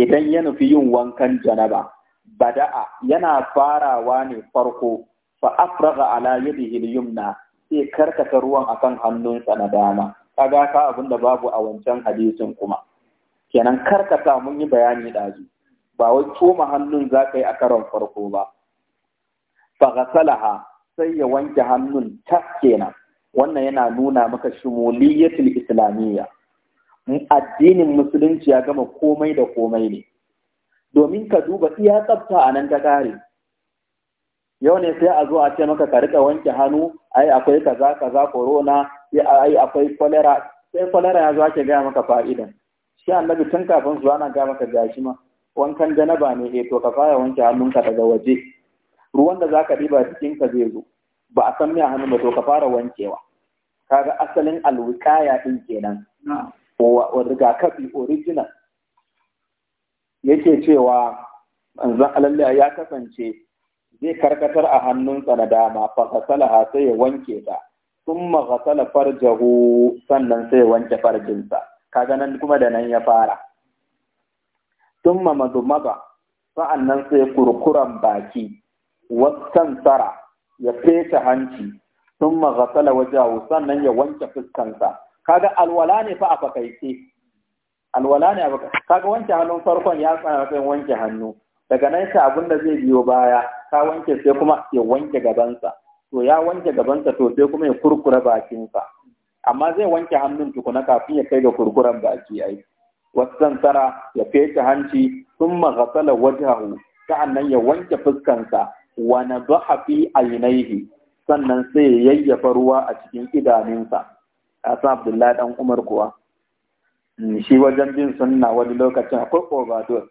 idan ya nufi yin wankan janaba bada'a yana farawa ne farko fa afraga ala yadihi yumna sai karkata ruwan akan hannunsa na dama kaga ka abin babu a wancan hadisin kuma kenan karkata mun yi bayani dazu ba wai ma hannun za yi a karon farko ba fa ghasalaha sai ya wanke hannun ta kenan wannan yana nuna maka shumuliyatul islamiyya addinin musulunci ya gama komai da komai ne domin ka duba iya tsafta a nan ta kare yau ne sai a zo a ce maka ka rika wanke hannu ai akwai kaza kaza corona ai akwai cholera sai cholera ya zo ake gaya maka fa'idan shi annabi tun kafin zuwa na gaya maka gashi ma wankan janaba ne eh to ka fara wanke hannunka daga waje ruwan da zaka diba cikin ka zai zo ba a san me hannu ba to ka fara wankewa Ka ga asalin alwikaya din kenan wa rigakafi original yake cewa manzon Allah ya kasance zai karkatar a hannunsa na dama fa ghasalaha sai ya wanke ta thumma ghasala farjahu sannan sai ya wanke farjinsa kaga nan kuma da nan ya fara thumma madmada sa'annan sai kurkuran baki tsara ya fesa hanci thumma ghasala wajahu sannan ya wanke fuskansa kaga alwala ne fa a fakaice alwala ne abu kaga wanke hannun farkon ya tsaya kan wanke hannu daga nan sai abin da zai biyo baya ka wanke sai kuma ya wanke gabansa to ya wanke gabansa to sai kuma ya kurkura bakinsa amma zai wanke hannun tukuna kafin ya kai ga kurkuran baki ai wasan tara ya fece hanci thumma ghasala wajhahu sa'annan ya wanke fuskansa wa nadaha fi aynaihi sannan sai ya yayyafa ruwa a cikin idanunsa asa Abdullahi dan Umar kuwa Mm, shi wajen bin sunna wani lokacin akwai overdose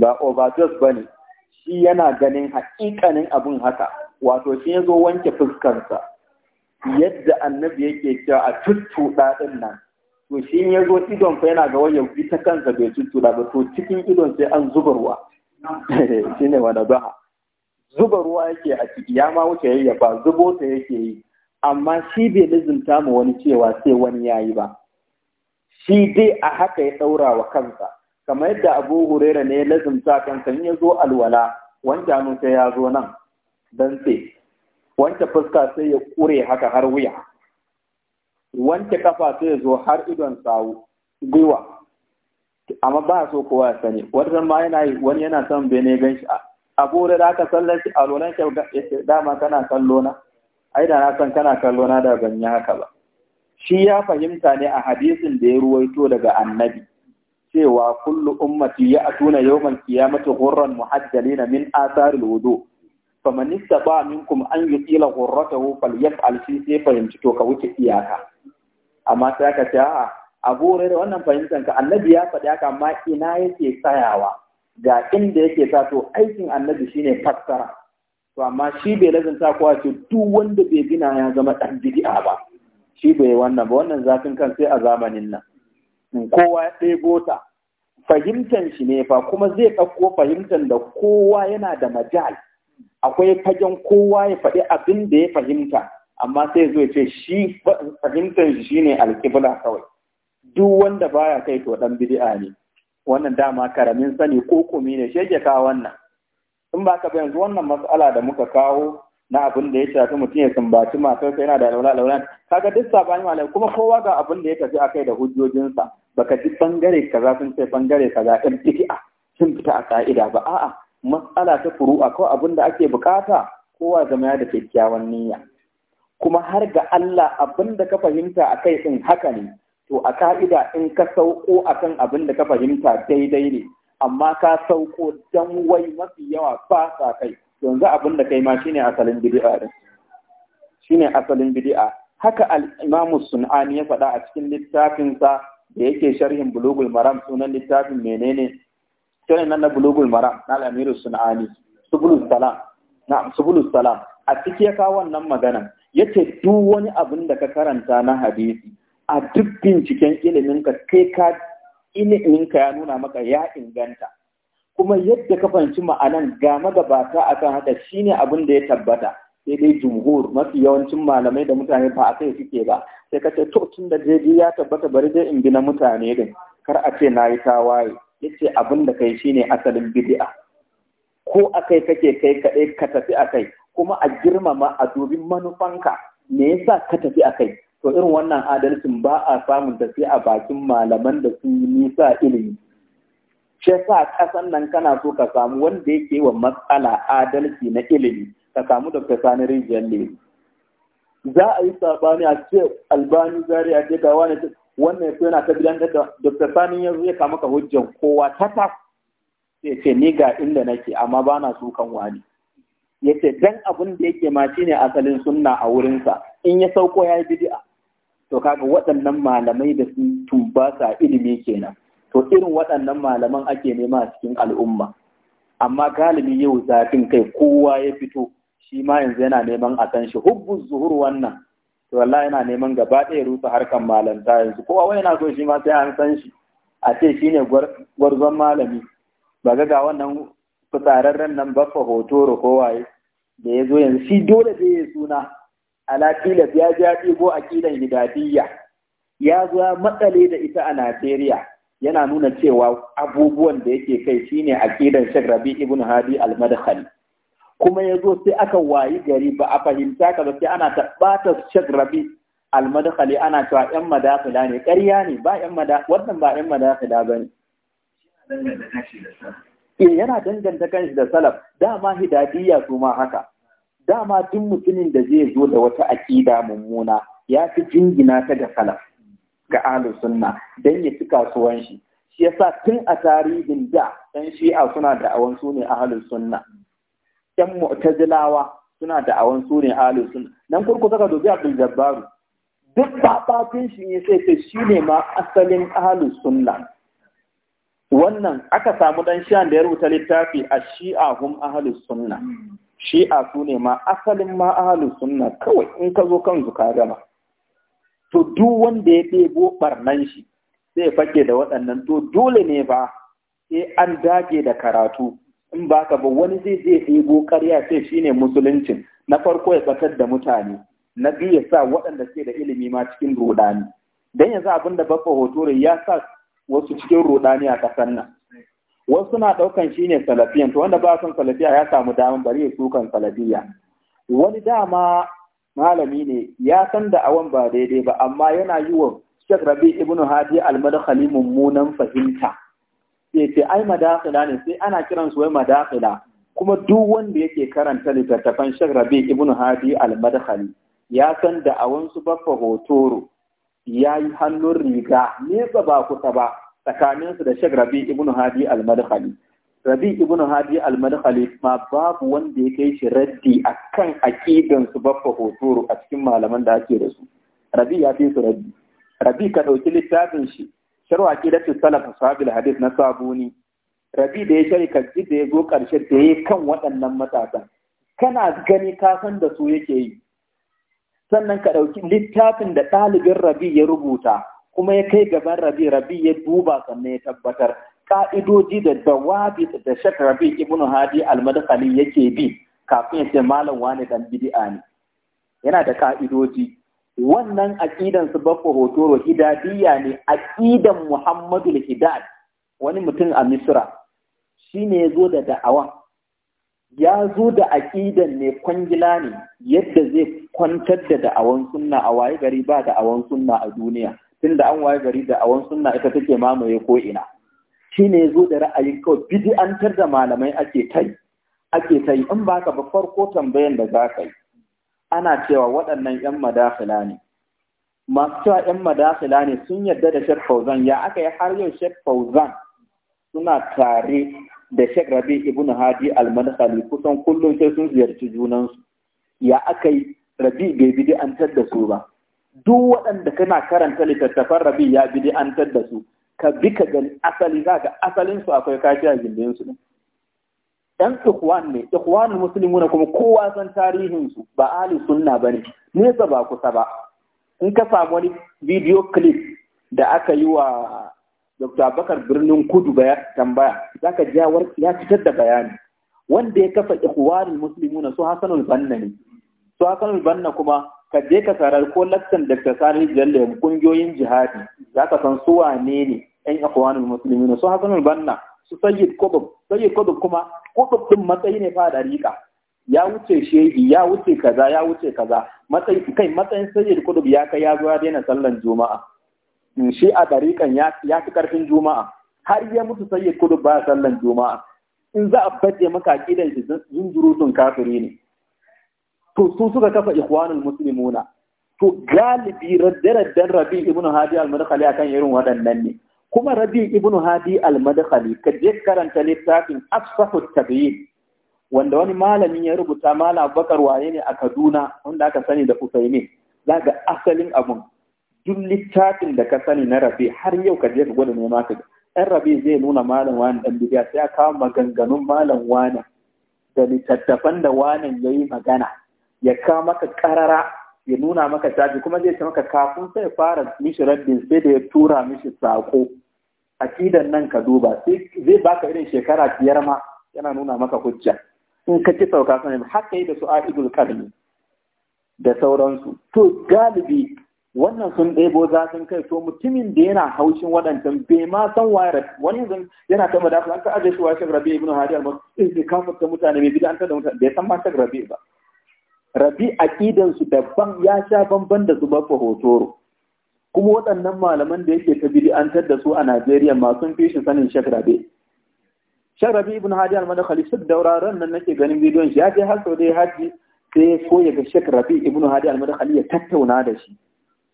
ba overdose ba ne shi yana ganin haƙiƙanin abin haka wato shi ya zo wanke fuskarsa yadda annabi yake cewa a tuttu ɗaɗin nan to shi ya zo idon fa yana ga wajen fita kansa bai tuttuɗa ba to cikin idon sai an zuba ruwa shi ne wani ba zuba ruwa yake a ciki ya ma wuce yayyafa zubo ta yake yi amma shi bai lizinta mu wani cewa sai wani yayi ba shi dai a haka ya ɗaura wa kansa kamar yadda abu hurera ne ya lazimta kansa ya zo alwala wanda sai ya zo nan don sai wanta fuska sai ya ƙure haka har wuya wanta kafa sai ya zo har idon sawu gwiwa amma ba so kowa ya sani wata ma yana yi wani yana son bene gan shi a bore da aka sallar shi a lolan shi dama kana kallona? ai da na san kana kallona da ban yi haka ba shi ya fahimta ne a hadisin da ya ruwaito daga annabi cewa kullu ummati ya atuna yawmal qiyamati ghurran muhajjalina min athar alwudu faman istata minkum an yutila ghurratahu falyaf'al shi sai fahimci to ka wuce iyaka amma sai ka ce a abu da wannan fahimtar ka annabi ya faɗi haka amma ina yake tsayawa ga inda yake sa to aikin annabi shine fassara to amma shi bai lazanta kowa ce duk wanda bai gina ya zama ɗan bid'a ba shi bai wannan ba wannan zafin kan sai a zamanin nan kowa ya ɗebo ta fahimtan shi ne fa kuma zai ɗauko fahimtan da kowa yana da majal akwai fagen kowa ya faɗi abin da ya fahimta amma sai zo ce shi fahimtan shi shine alƙibla kawai duk wanda baya kai to dan bid'a ne wannan dama karamin sani ko kumi ne shege ka wannan in ba ka yanzu wannan matsala da muka kawo na abin da ya shafi mutum ya sambaci sai yana da laula laula kaga duk sabani malai kuma kowa ga abin da ya tafi akai da hujjojinsa baka ji bangare kaza sun ce bangare kaza ɗan bid'a sun fita a ka'ida ba a'a matsala ta furu'a ko abin da ake bukata kowa zama da kyakkyawan niyya kuma har ga Allah abin da ka fahimta a kai ɗin haka ne to a ka'ida in ka sauko a kan abin da ka fahimta daidai ne amma ka sauko dan wai mafi yawa ba sa kai yanzu abin da kai ma shine asalin ɗin shi ne asalin bidi'a haka al'imamu Sunani ya faɗa a cikin littafinsa da yake sharhin Bulugul Maram sunan littafin menene shirin nan na Bulugul Maram na Al'amiru Sunani Subulus Salam na Subulus Salam a cikin ya kawo wannan magana ya ce duk wani abin da ka karanta na hadisi a duk binciken iliminka kai ka iliminka ya nuna maka ya inganta kuma yadda ka fahimci ma'anan ga magabata akan haka shine abin da ya tabbata sai dai jumhur mafi yawancin malamai da mutane ba a kai suke ba sai ka ce to tun da daidai ya tabbata bari dai in bi na mutane din kar a ce na yi tawaye yace abin da kai shine asalin bid'a ko akai kake kai kaɗai ka tafi akai kuma a girmama a dubi manufanka me yasa ka tafi akai to irin wannan adalcin ba a samun tafi a bakin malaman da sun yi nisa ilimi shi sa ƙasan nan kana so ka samu wanda yake wa matsala adalci na ilimi ka samu dr sani rijiyar lemu za a yi sabani a ce albani zari a jikawa ga wannan ya yana ta gidan da dr sani ya zo ya kama ka hujjan kowa ta ta sai ce ni ga inda nake amma ba na so kan wani ya ce dan abin da yake ma ne asalin sunna a wurinsa in ya sauko ya yi bidi'a to kaga waɗannan malamai da su tumba sa ilimi kenan to irin waɗannan malaman ake nema a cikin al'umma amma galibi yau zafin kai kowa ya fito shi ma yanzu yana neman a san shi hubbun zuhur wannan to wallahi yana neman gaba ɗaya rusa harkan malanta yanzu kowa wai yana so shi ma sai an san shi a ce shine gwarzon malami ba ga wannan fitsararren nan baffa hoto kowaye da ya zo yanzu shi dole zai yi suna ala ya ji ko ɗigo akidan hidadiyya ya zo ya matsale da ita a Najeriya yana nuna cewa abubuwan da yake kai shine aqidan Sheikh Rabi ibn Hadi al-Madkhali kuma yazo sai aka wayi gari ba a fahimta ka ba sai ana tabbata Sheikh Rabi al-Madkhali ana cewa 'yan madakila ne ƙarya ne ba ƴan mada wannan ba ƴan madakila bane eh yana danganta kanshi da salaf dama hidadiyya su ma haka dama duk mutumin da zai zo da wata aƙida mummuna ya fi jingina ta da salaf ga ahlus sunna dan ya ci kasuwan shi shi yasa tun a tarihin da ɗan shi'a suna da awan su ne ahlus sunna ɗan mu'tazilawa suna da awan su ne ahlus sunna nan kurkusa ka dubi Abdul Jabbaru duk babatin shi ne sai ta shi ne ma asalin ahlus sunna wannan aka samu dan shi'a da ya rubuta littafi a shi'a hum ahlus sunna shi'a su ne ma asalin ma ahlus sunna kawai in ka zo kan ka gama to duk wanda ya ɗebo ɓarnan shi sai fake da waɗannan to dole ne ba sai an dage da karatu in ba ka ba wani zai je ɗebo ƙarya sai shine musuluncin na farko ya batar da mutane na biyu ya sa waɗanda suke da ilimi ma cikin rudani dan yanzu abin da babba Hotori ya sa wasu cikin rudani a ƙasar nan wasu suna ɗaukan shine salafiyan to wanda ba son salafiya ya samu damar bari ya sukan salafiya wani dama malami ne ya san da awan ba daidai ba amma yana yi wa shek Rabi ibn Hadi al mummunan fahimta sai ce ai madakhila ne sai ana kiran su wai madakhila kuma duk wanda yake karanta littattafan shek Rabi ibn Hadi al ya san da awan su baffa hotoro yi hannun riga ne ba kusa ba tsakaninsu da shek Rabi ibn Hadi al rabi ibn hadi al-madkhali ma babu wanda ya kai shi raddi akan aqidan su babba hoturu a cikin malaman da ake da su rabi ya fi su raddi rabi ka dauki littafin shi sharh aqidatu salaf ashabil hadith na sabuni rabi da ya sharika da ya zo karshe da ya kan waɗannan matasan kana gani ka san da su yake yi sannan ka ɗauki littafin da ɗalibin rabi ya rubuta kuma ya kai gaban rabi rabi ya duba sannan ya tabbatar ka'idoji da dawabi da shakarabi ibnu hadi almadkhali yake bi kafin ya ce malam wani dan bid'a ne yana da ka'idoji wannan aqidan su bakko hotoro hidadiyya ne aqidan muhammadul hidad wani mutum a misra shine zo da da'awa ya zo da aqidan ne kwangila ne yadda zai kwantar da da'awan sunna a waye gari ba da'awan sunna a duniya tunda an waye gari da'awan sunna ita take mamaye ko'ina. shi ne zo da ra'ayin kawai bidi'antar da malamai ake ta yi ake ta yi in ba ka ba farko tambayan da za ka yi ana cewa waɗannan 'yan madafila ne masu cewa 'yan madafila ne sun yarda da shek fauzan ya aka yi har yau shek fauzan suna tare da shek rabi ibn hadi al-madkhali kusan kullum sai sun ziyarci junansu ya aka yi rabi bai bidi'antar da su ba duk waɗanda kana karanta littattafan rabi ya bidi'antar da su ka bi ka gani asali za ka asalin su akwai kashi a gindin su ɗan ikhwan ne ikhwan na kuma kowa san tarihin su ba Ali sunna bane nesa ba kusa ba in ka samu wani video clip da aka yi wa Dr. Abubakar Birnin Kudu baya tambaya zaka ji ya fitar da bayani wanda ya kafa muslimu na su hasanul Banna ne su hasanul Banna kuma ka je ka sarar ko lakcan Dr. Sani Jalle kungiyoyin jihadi zaka san su wane ne yan ikhwanul muslimin su hasan banna su sayyid qutb sayyid qutb kuma qutb din matsayi ne fa dariqa ya wuce shehi ya wuce kaza ya wuce kaza matsayi kai matsayin sayyid qutb ya kai ya zo ya daina sallan juma'a shi a dariqan ya ya fi karfin juma'a har ya mutu sayyid qutb ba sallan juma'a in za a bace maka kidan shi zunjurutun kafiri ne to su suka kafa ikhwanul muslimuna to galibi raddaraddan rabi ibnu hadi al-madkhali akan irin waɗannan ne kuma rabi ibnu hadi al-madkhali ka je karanta littafin asfahu tabiin wanda wani malamin ya rubuta malam abubakar waye ne a kaduna wanda aka sani da usaimin za ga asalin abun duk littafin da ka sani na rabi har yau ka je ka gwada nema ka ɗan rabi zai nuna malam wani ɗan bidiya sai ya kawo maganganun malam wani da littattafan da wani ya yi magana ya kawo maka ƙarara. ya nuna maka caji kuma zai ce maka kafin sai fara mishi rabbi sai da ya tura mishi sako akidan nan ka duba sai zai baka irin shekara biyar ma yana nuna maka hujja in ka ci sauka sanin haka yi da su a'idul karni da sauransu to galibi wannan sun ɗebo zafin kai to mutumin da yana haushin waɗancan bai ma san wayar wani zan yana ta madafa an ka ajiye shi wa shek ibn hadi al-mas in ka kafa mutane mai bid'an ta da mutane bai san ma shek ba rabi ƙidansu daban ya sha bamban da su baffa hotoro kuma waɗannan malaman da yake ta bid'antar da su a Najeriya masu sun fi shi sanin Sheikh Rabi Sheikh Rabi ibn Hadi al-Madkhali duk dauraron nan nake ganin bidiyon shi ya je har sau dai haji sai so ya ga Sheikh Rabi ibn Hadi al-Madkhali ya tattauna da shi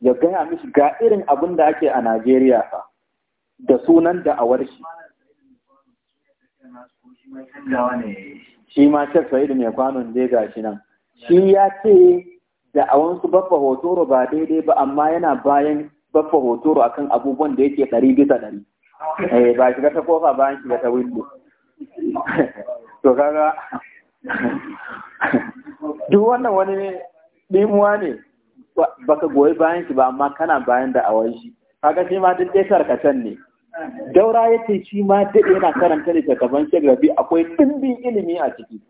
ya gaya mishi ga irin abin da ake a Najeriya fa da sunan da awar shi shi ma Sheikh Said mai kwanon dai gashi nan shi ya ce da a wansu baffa hotoro ba daidai ba amma yana bayan baffa hotoro akan abubuwan da yake ɗari bisa ɗari eh ba shiga ta kofa bayan shiga ta windo to kaga duk wannan wani ɗimuwa ne baka goyi bayan shi ba amma kana bayan da awai shi kaga shi ma duk dai karkatan ne daura ya ce shi ma duk yana karanta littattafan shek rabi akwai ɗimbin ilimi a ciki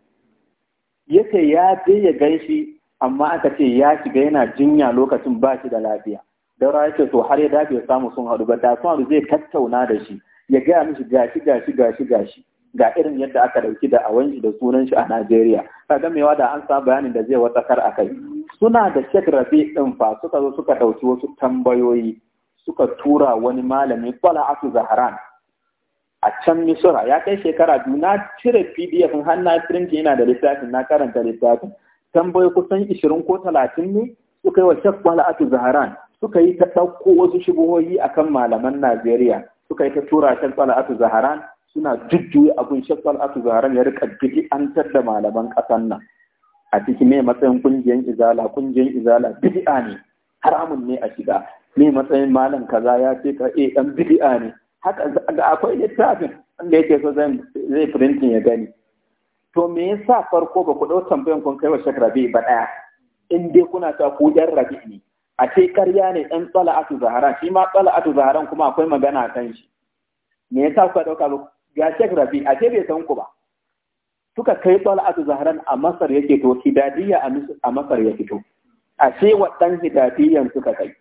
ce ya je ya gan shi amma aka ce ya shiga yana jinya lokacin ba shi da lafiya daura yace to har ya dace ya samu sun hadu, ba da sun haɗu zai tattauna da shi ya gaya mishi gashi gashi gashi gashi ga irin yadda aka ɗauki da awan shi da sunan shi a Najeriya kaga mewa da an sa bayanin da zai watsakar a kai suna da Sheikh Rabi din fa suka zo suka ɗauki wasu tambayoyi suka tura wani malami Fala'atu Zahran a can misura ya kai shekara biyu na cire pdf har na print yana da littafin na karanta littafin tambayi kusan ishirin ko talatin ne suka yi wa shek wala'atu zaharan suka yi ta ɗauko wasu shigohoyi akan malaman najeriya suka yi ta tura shek wala'atu zaharan suna jujjuya abin shek wala'atu zaharan ya rika bid'antar da malaman ƙasan nan a ciki ne matsayin kungiyar izala kungiyar izala bid'a ne haramun ne a shiga ne matsayin malam kaza ya ce ka eh dan bid'a ne haka ga akwai littafin wanda yake so zai printin ya gani to me yasa farko ba ku dau tambayan kun kai wa shek rabi ba ɗaya in dai kuna ta ku ɗan rabi ne a ce ƙarya ne ɗan atu zahara shi ma atu zaharan kuma akwai magana kan shi me yasa kuka ɗauka ba ga shek rabi a ce bai san ku ba suka kai atu zaharan a masar yake to kidadiya a masar ya fito a ce wa dan hidadiyan suka kai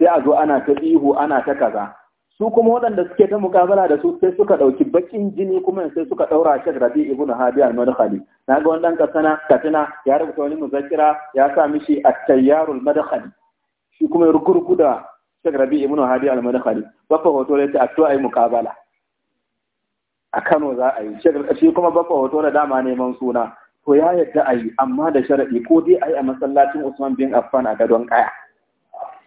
sai a zo ana ta ihu ana ta kaza su kuma waɗanda suke ta mukabala da su sai suka ɗauki bakin jini kuma sai suka ɗaura shi rabi ibn hadi al madkhali na ga wannan kasana katina ya rubuta wani muzakira ya sa mishi at-tayyarul madkhali shi kuma ya rukurku da shek rabi ibn hadi al madkhali baka hoto ne ta to ai mukabala a Kano za a yi shi kuma baka hoto da dama neman suna to ya yadda a yi amma da sharadi ko dai a yi a masallacin Usman bin Affan a gadon kaya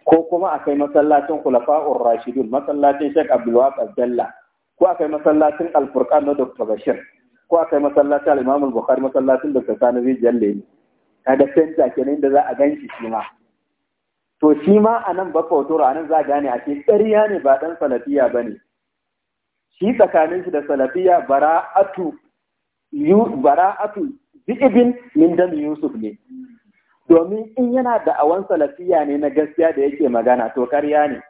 ko kuma a kai masallacin khulafa'ur rashidun masallacin Sheikh Abdul Wahab Dalla ko a kai masallacin Al-Furqan na Dr. Bashir ko a kai masallacin Al-Imam Al-Bukhari masallacin Dr. Sanawi Jalle kaga center kenan da za a ganshi shi ma to shi ma a nan baka tura ranar za gane a ce ƙarya ne ba dan salafiya bane shi tsakanin shi da salafiya bara'atu bara'atu bi'ibin min dami yusuf ne domin in yana da awan salafiya ne na gaskiya da yake magana to karya ne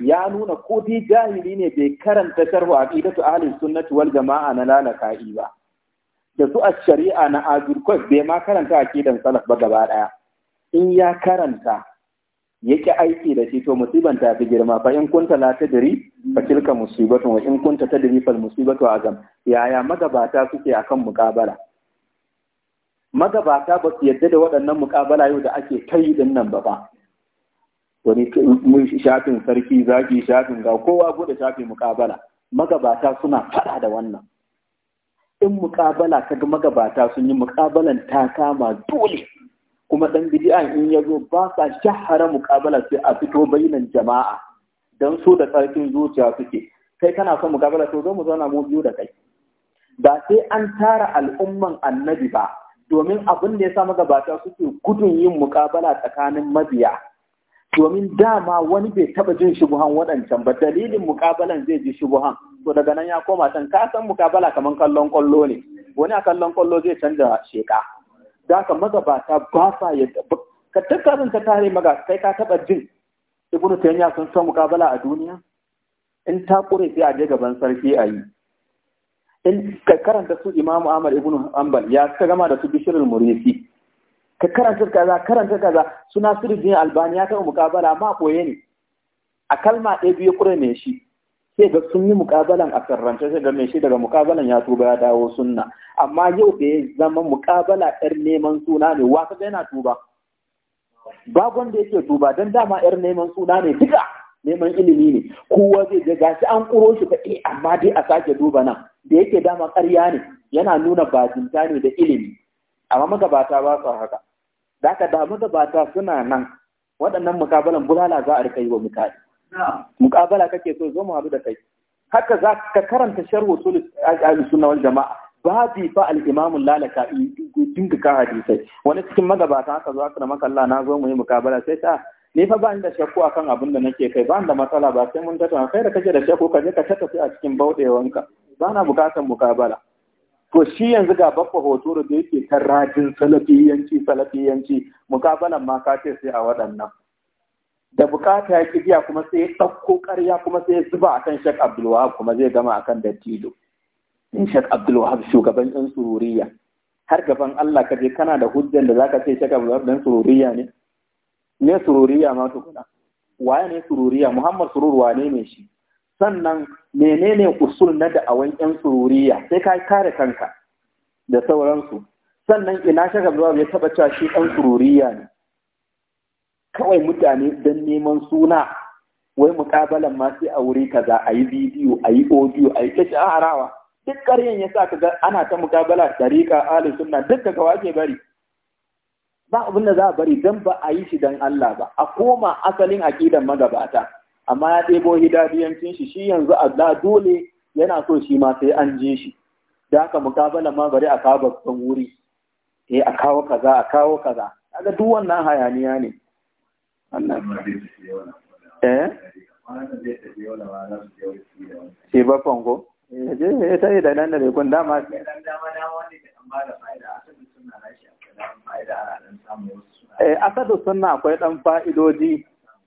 ya nuna ko dai jahili ne bai karanta sharhu aqidatu ahli sunnati wal jama'a na lalaka'i ba da su a shari'a na kwas bai ma karanta aqidan salaf ba gaba daya in ya karanta yake aiki da shi to musiban ta fi girma fa in kunta la tadri fa tilka musibatu wa in kunta tadri fal musibatu azam yaya magabata suke akan mukabala magabata ba su yadda da waɗannan mukabala yau da ake kai din nan ba ba wani shafin sarki zaki shafin ga kowa bude shafin mukabala magabata suna faɗa da wannan in mukabala ga magabata sun yi mukabalan ta kama dole kuma ɗan bidiyan in ya zo ba sa shahara mukabala sai a fito bainan jama'a Don so da tsarkin zuciya suke kai kana son mukabala to zo mu zauna mu biyu da kai ba sai an tara al'umman annabi ba domin abin da ya sa magabata suke gudun yin mukabala tsakanin mabiya domin dama wani bai taba jin shubuhan waɗancan ba dalilin mukabalan zai ji shubuhan to daga nan ya koma can ka san mukabala kamar kallon kwallo ne wani a kallon kwallo zai canza sheka da ka magabata ba sa yadda ka abin ka tare maga kai ka taba jin ibnu taymiya sun san mukabala a duniya in ta kure sai a je gaban sarki a yi in ka karanta su imamu ahmad ibn hanbal ya ka gama da su bishirul murisi ka karanta kaza karanta kaza suna rijin albani ya taɓa mukabala ma koye ne a kalma ɗaya biyu kure ne shi sai ga sun yi mukabalan a sarrance sai ga shi daga mukabalan ya tuba ya dawo sunna amma yau da ya zama mukabala yar neman suna ne wa ka yana tuba bagon da yake tuba dan dama yar neman suna ne duka neman ilimi ne kowa zai ga gashi an kuro shi ka eh amma dai a sake duba nan da yake dama ƙarya ne yana nuna bajinta ne da ilimi amma magabata ba su haka da aka da magabata suna nan waɗannan mukabalan bulala za a rika yi wa mutane mukabala kake so zo mu haɗu da kai haka za ka karanta sharhu usul sunna wal jama'a babi fa al imam lalaka dinga ka hadisai wani cikin magabata haka zo aka maka Allah na zo mu yi mukabala sai ta ni fa ba ni da shakku akan abin da nake kai ba ni da matsala ba sai mun tattauna kai da kake da shakku ka je ka tattafi a cikin bauɗewanka ba na bukatar mukabala to shi yanzu ga babba hoto da yake kan rajin salafiyanci salafiyanci mukabalan ma ka ce sai a waɗannan da bukata ya biya kuma sai ya ɗauko ƙarya kuma sai ya zuba akan shek Abdulwahab kuma zai gama akan Dattijo in Sheikh Abdulwahab shugaban ɗan sururiya har gaban Allah ka je kana da hujjan da zaka ce Sheikh Abdulwahab ɗan sururiya ne ne sururiya ma tukuna waye ne sururiya muhammad surur wane ne shi sannan menene usul na da da'awan yan sururiya sai ka kare kanka da sauransu sannan ina shaka zuwa ya taba cewa shi dan sururiya ne kawai mutane don neman suna wai mukabalan ma sai a wuri kaza a yi bidiyo a yi audio a yi shaharawa duk ƙaryen ya sa ga ana ta muƙabala, dariƙa ahlus sunna duk daga wake bari ba abin da za a bari don ba a yi shi don Allah ba a koma asalin aƙidan magabata amma ya ɗebo hidabiyancin shi shi yanzu Allah dole yana so shi ma sai an je shi da haka mukabala ma bari a kawo babban wuri eh a kawo kaza a kawo kaza kaga duk wannan hayaniya ne Allah eh shi ba kongo eh, je eh, ta yi da nan da kun dama dama dama wani da an ba da fa'ida Eh, asadu suna akwai ɗan fa'idodi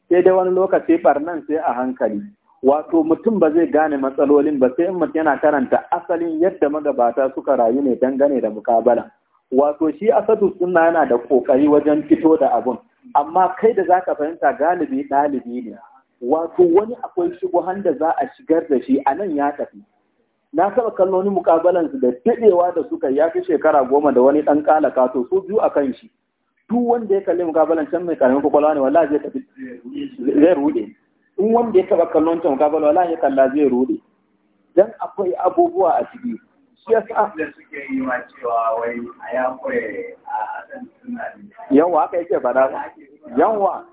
sai dai wani lokaci barnan sai a hankali. Wato mutum ba zai gane matsalolin ba sai in mutum yana karanta asalin yadda magabata suka rayu ne dangane da mukabala. Wato shi asadu suna yana da ƙoƙari wajen fito da abun, amma kai da za ka fahimta galibi ɗalibi ne. Wato wani akwai shigo da za a shigar da shi a nan ya tafi. na saba kallon wani mukabalan da daɗewa da suka ya fi shekara goma da wani ɗan ƙala to su biyu a kan shi duk wanda ya kalli mukabalan can mai karamin kwakwalwa ne wallahi zai tafi zai rude in wanda ya saba kallon can mukabalan wallahi ya kalla zai rude dan akwai abubuwa a ciki shi ya sa da suke yi ma cewa wai a ya koye a yawa haka yake fada yawa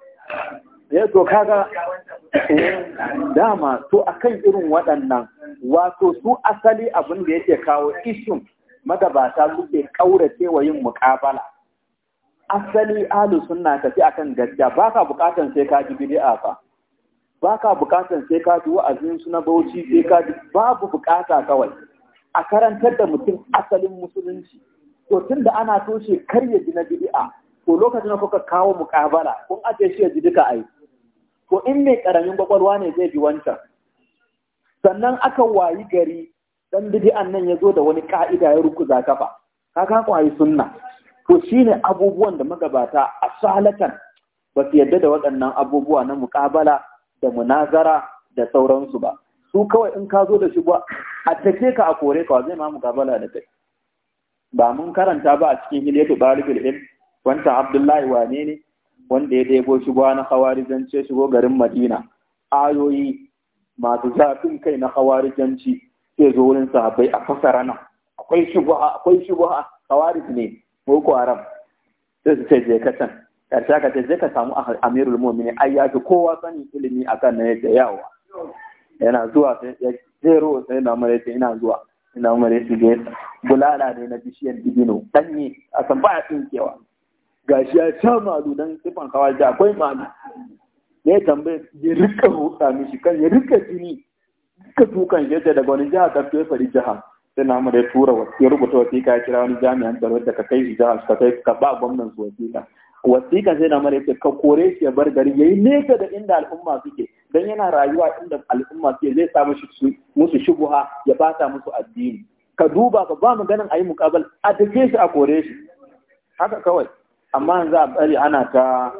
ya eh, to kaga eh, dama to akan irin waɗannan wato su asali abin da yake kawo ishin magabata suke ƙaura wa yin muƙabala asali alu suna tafi akan gaskiya ba ka buƙatan sai ka ji bid'a ba, ba ka buƙatan sai ka ji wa'azin su na bauchi sai ka ji babu buƙata kawai a karantar da mutum asalin musulunci to tun da ana toshe kar ya ji na bid'a ko lokacin da kuka kawo muƙabala kun aje shi ya ji duka aiki ko in mai karamin kwakwalwa ne zai bi wancan sannan aka wayi gari dan bid'an nan ya zo da wani ka'ida ya rukuza kafa kaka kwayi sunna to shine abubuwan da magabata a salatan ba su yadda da waɗannan abubuwa na muƙabala da munazara da sauransu ba su kawai in ka zo da shi ba a take ka a kore ka zai ma muƙabala da kai ba mun karanta ba a cikin hilyatu ɗalibul ilm wancan abdullahi wane ne wanda ya ɗebo shigo na hawarijance shigo garin madina ayoyi masu zafin kai na hawarijanci sai zo wurin sahabbai a fasara nan akwai shigo akwai shubuha hawarij ne boko haram sai su ce je ka can karshe ka ce je ka samu ah, amirul mu'minin ai ya fi kowa sani ilimi akan na yadda yawa yana zuwa sai ya zero sai na mare sai ina zuwa ina mare su je bulala ne na bishiyar dibino danye a san baya tsinkewa gashi ya sha malu don sifan hawa da akwai malu ya yi tambaye ya rika roƙa mishi kan ya rika jini duka tukan yadda daga wani jiha ta fiye fari jiha sai na mu da tura ya rubuta wasiƙa ya kira wani jami'an tsaro da ka kai shi jiha ka kai ka ba gwamnan su wasiƙa wasiƙa sai na mu da ka kore shi ya bar gari Ya yi nesa da inda al'umma suke dan yana rayuwa inda al'umma suke zai sa musu musu shubuha ya bata musu addini ka duba ka ba maganin ayi muƙabal a dake shi a kore shi haka kawai amma yanzu a bari ana ta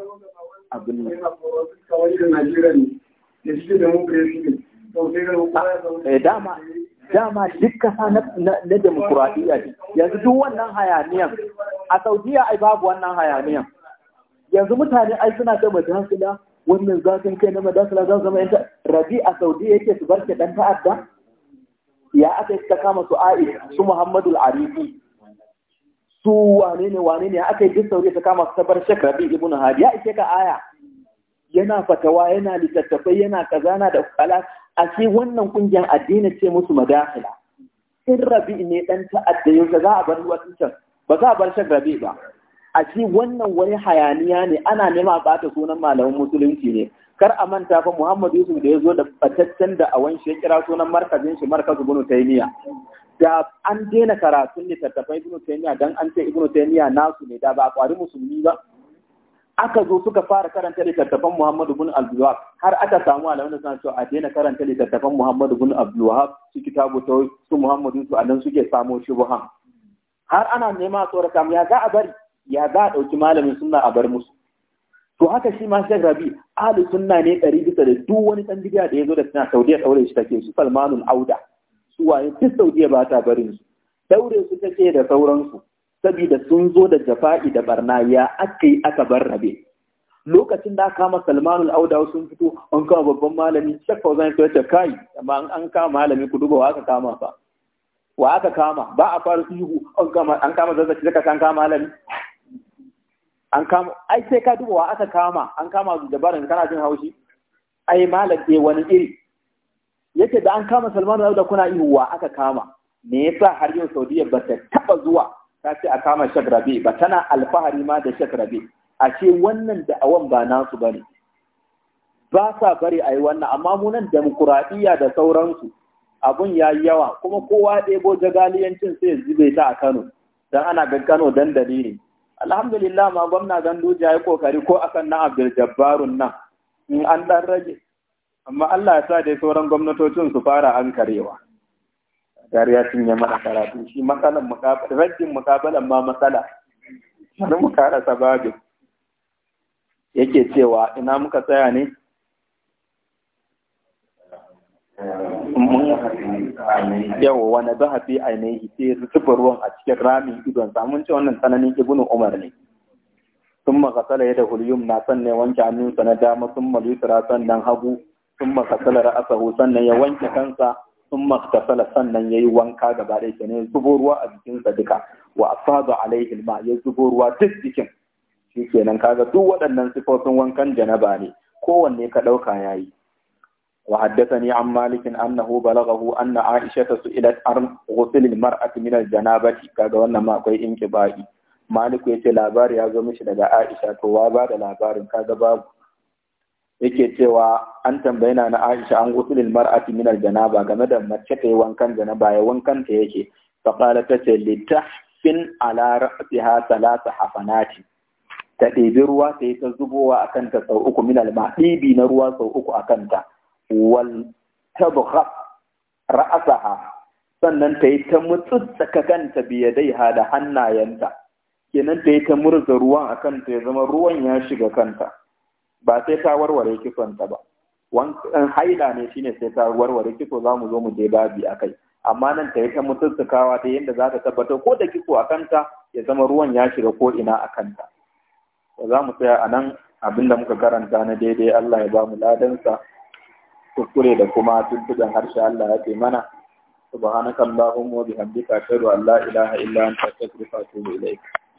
abin ne eh dama dama duk kasa na demokuraɗiyya yanzu duk wannan hayaniyan a saudiya ai babu wannan hayaniyan yanzu mutane ai suna ta madasila wannan zafin kai na madasila za zama yanta rabi a saudiya yake su barke dan ta'adda ya aka yi ta kama su a'i su muhammadul arifi su wane ne wane ne aka yi sauri ta kama su tabar shek ibn hadi ya ishe ka aya yana fatawa yana littattafai yana kazana da kala a ce wannan kungiyar addini ce musu madafila in rabi ne dan ta'adda yau za a bar can ba za a bar shek rabi ba a ce wannan wani hayaniya ne ana nema ba ta sunan malamin musulunci ne kar a manta fa Muhammadu Yusuf da ya zo da fataccen da awan shi ya kira sunan markazin shi markazu bunu taimiya da an daina karatun littattafan Ibn taymiya dan an ce Ibn taymiya nasu ne da ba a kwari musulmi ba aka zo suka fara karanta littattafan Muhammadu bin Abdulwahab har aka samu alamun da suna cewa a daina karanta littattafan Muhammadu bin Abdulwahab su kitabu ta su Muhammadu su anan suke samo shubham har ana nema a tsorata ya za a bari ya za a ɗauki malamin sunna a bar musu to haka shi ma Sheikh Rabi ahli sunna ne ɗari bisa da duk wani ɗan bidiya da ya zo da suna Saudiya saurayi shi take su Salmanul Auda suwaye duk saudiya ba ta barin su daure su take da sauransu saboda sun zo da jafa'i da barna ya aka yi aka bar rabe lokacin da kama Salmanu auda sun fito an kama babban malami shakka wajen ya ta kai amma an kama malami ku duba wa aka kama fa wa aka kama ba a fara sihu an kama an kama zazzaci zaka kama malami an kama ai sai ka duba wa aka kama an kama da barin kana jin haushi ai malam dai eh, wani iri yake da an kama Salman da kuna ihuwa aka kama me yasa har yau Saudiya ba ta taɓa zuwa ta ce a kama shak Rabi ba tana alfahari ma da Sheikh Rabi a ce wannan da awan ba nasu ba ne. ba sa bari a yi wannan amma munan nan demokuraɗiyya da sauransu abun ya yi yawa kuma kowa ɗebo jagaliyancin sai zube ta a Kano dan ana ga Kano dalili alhamdulillah ma gwamna Ganduje ya yi kokari ko akan na Abdul Jabbarun nan in an dan rage amma Allah ya sa dai sauran gwamnatocin su fara an karewa gari ya cinye mana karatu shi matsalan mukabala rajin mukabalan ma matsala bari mu kara sababin yake cewa ina muka tsaya ne Yau wane zahabi a ne su zuba ruwan a cikin ramin idon samun ce wannan tsananin ibnu umar ne sun makasala ya da huliyum na sannan wanke hannunsa na dama sun malusura sannan hagu sun makasala ra'asahu sannan ya wanke kansa sun makasala sannan ya yi wanka gaba ɗaya kenan ya zubo ruwa a jikinsa duka wa asadu alaihi ma ya zubo ruwa duk jikin shi kenan kaga duk waɗannan sifofin wankan janaba ne kowanne ka ɗauka yayi. yi wa haddathani an malikin annahu balagahu anna aisha ta su'ilat an ghusl al mar'at min al janabati kaga wannan ma akwai inkibai maliku yace labari ya zo mishi daga aisha to wa ba da labarin kaga babu yake cewa an tambayi na Aisha an gusulil mar'ati min janaba game da mace ta yi wankan janaba ya wankan ta yake fa qala ta ce li tahfin ala ra'siha hafanati ta ɗebi ruwa ta yi ta zubowa a kanta sau uku min alma ɗibi na ruwa sau uku a kanta wal tabghas ra'saha sannan ta yi ta mutsutsaka kanta biyadaiha da hannayenta kenan ta yi ta murza ruwan a kanta ya zama ruwan ya shiga kanta ba sai ta warware kitson ta ba wankan eh, haila ne shine sai ta warware kitso za mu zo mu je babi a kai amma nan ta yi ta mutuntukawa ta yadda za ta tabbatar ko da kitso a kanta ya zama ruwan ya shiga ko ina a kanta za mu tsaya a nan abin da muka karanta na daidai Allah ya ba mu ladansa kuskure da kuma tuntuɓen harshe Allah ya ce mana subhanakallahumma wa bihamdika ashhadu an la ilaha illa anta astaghfiruka wa atubu ilaik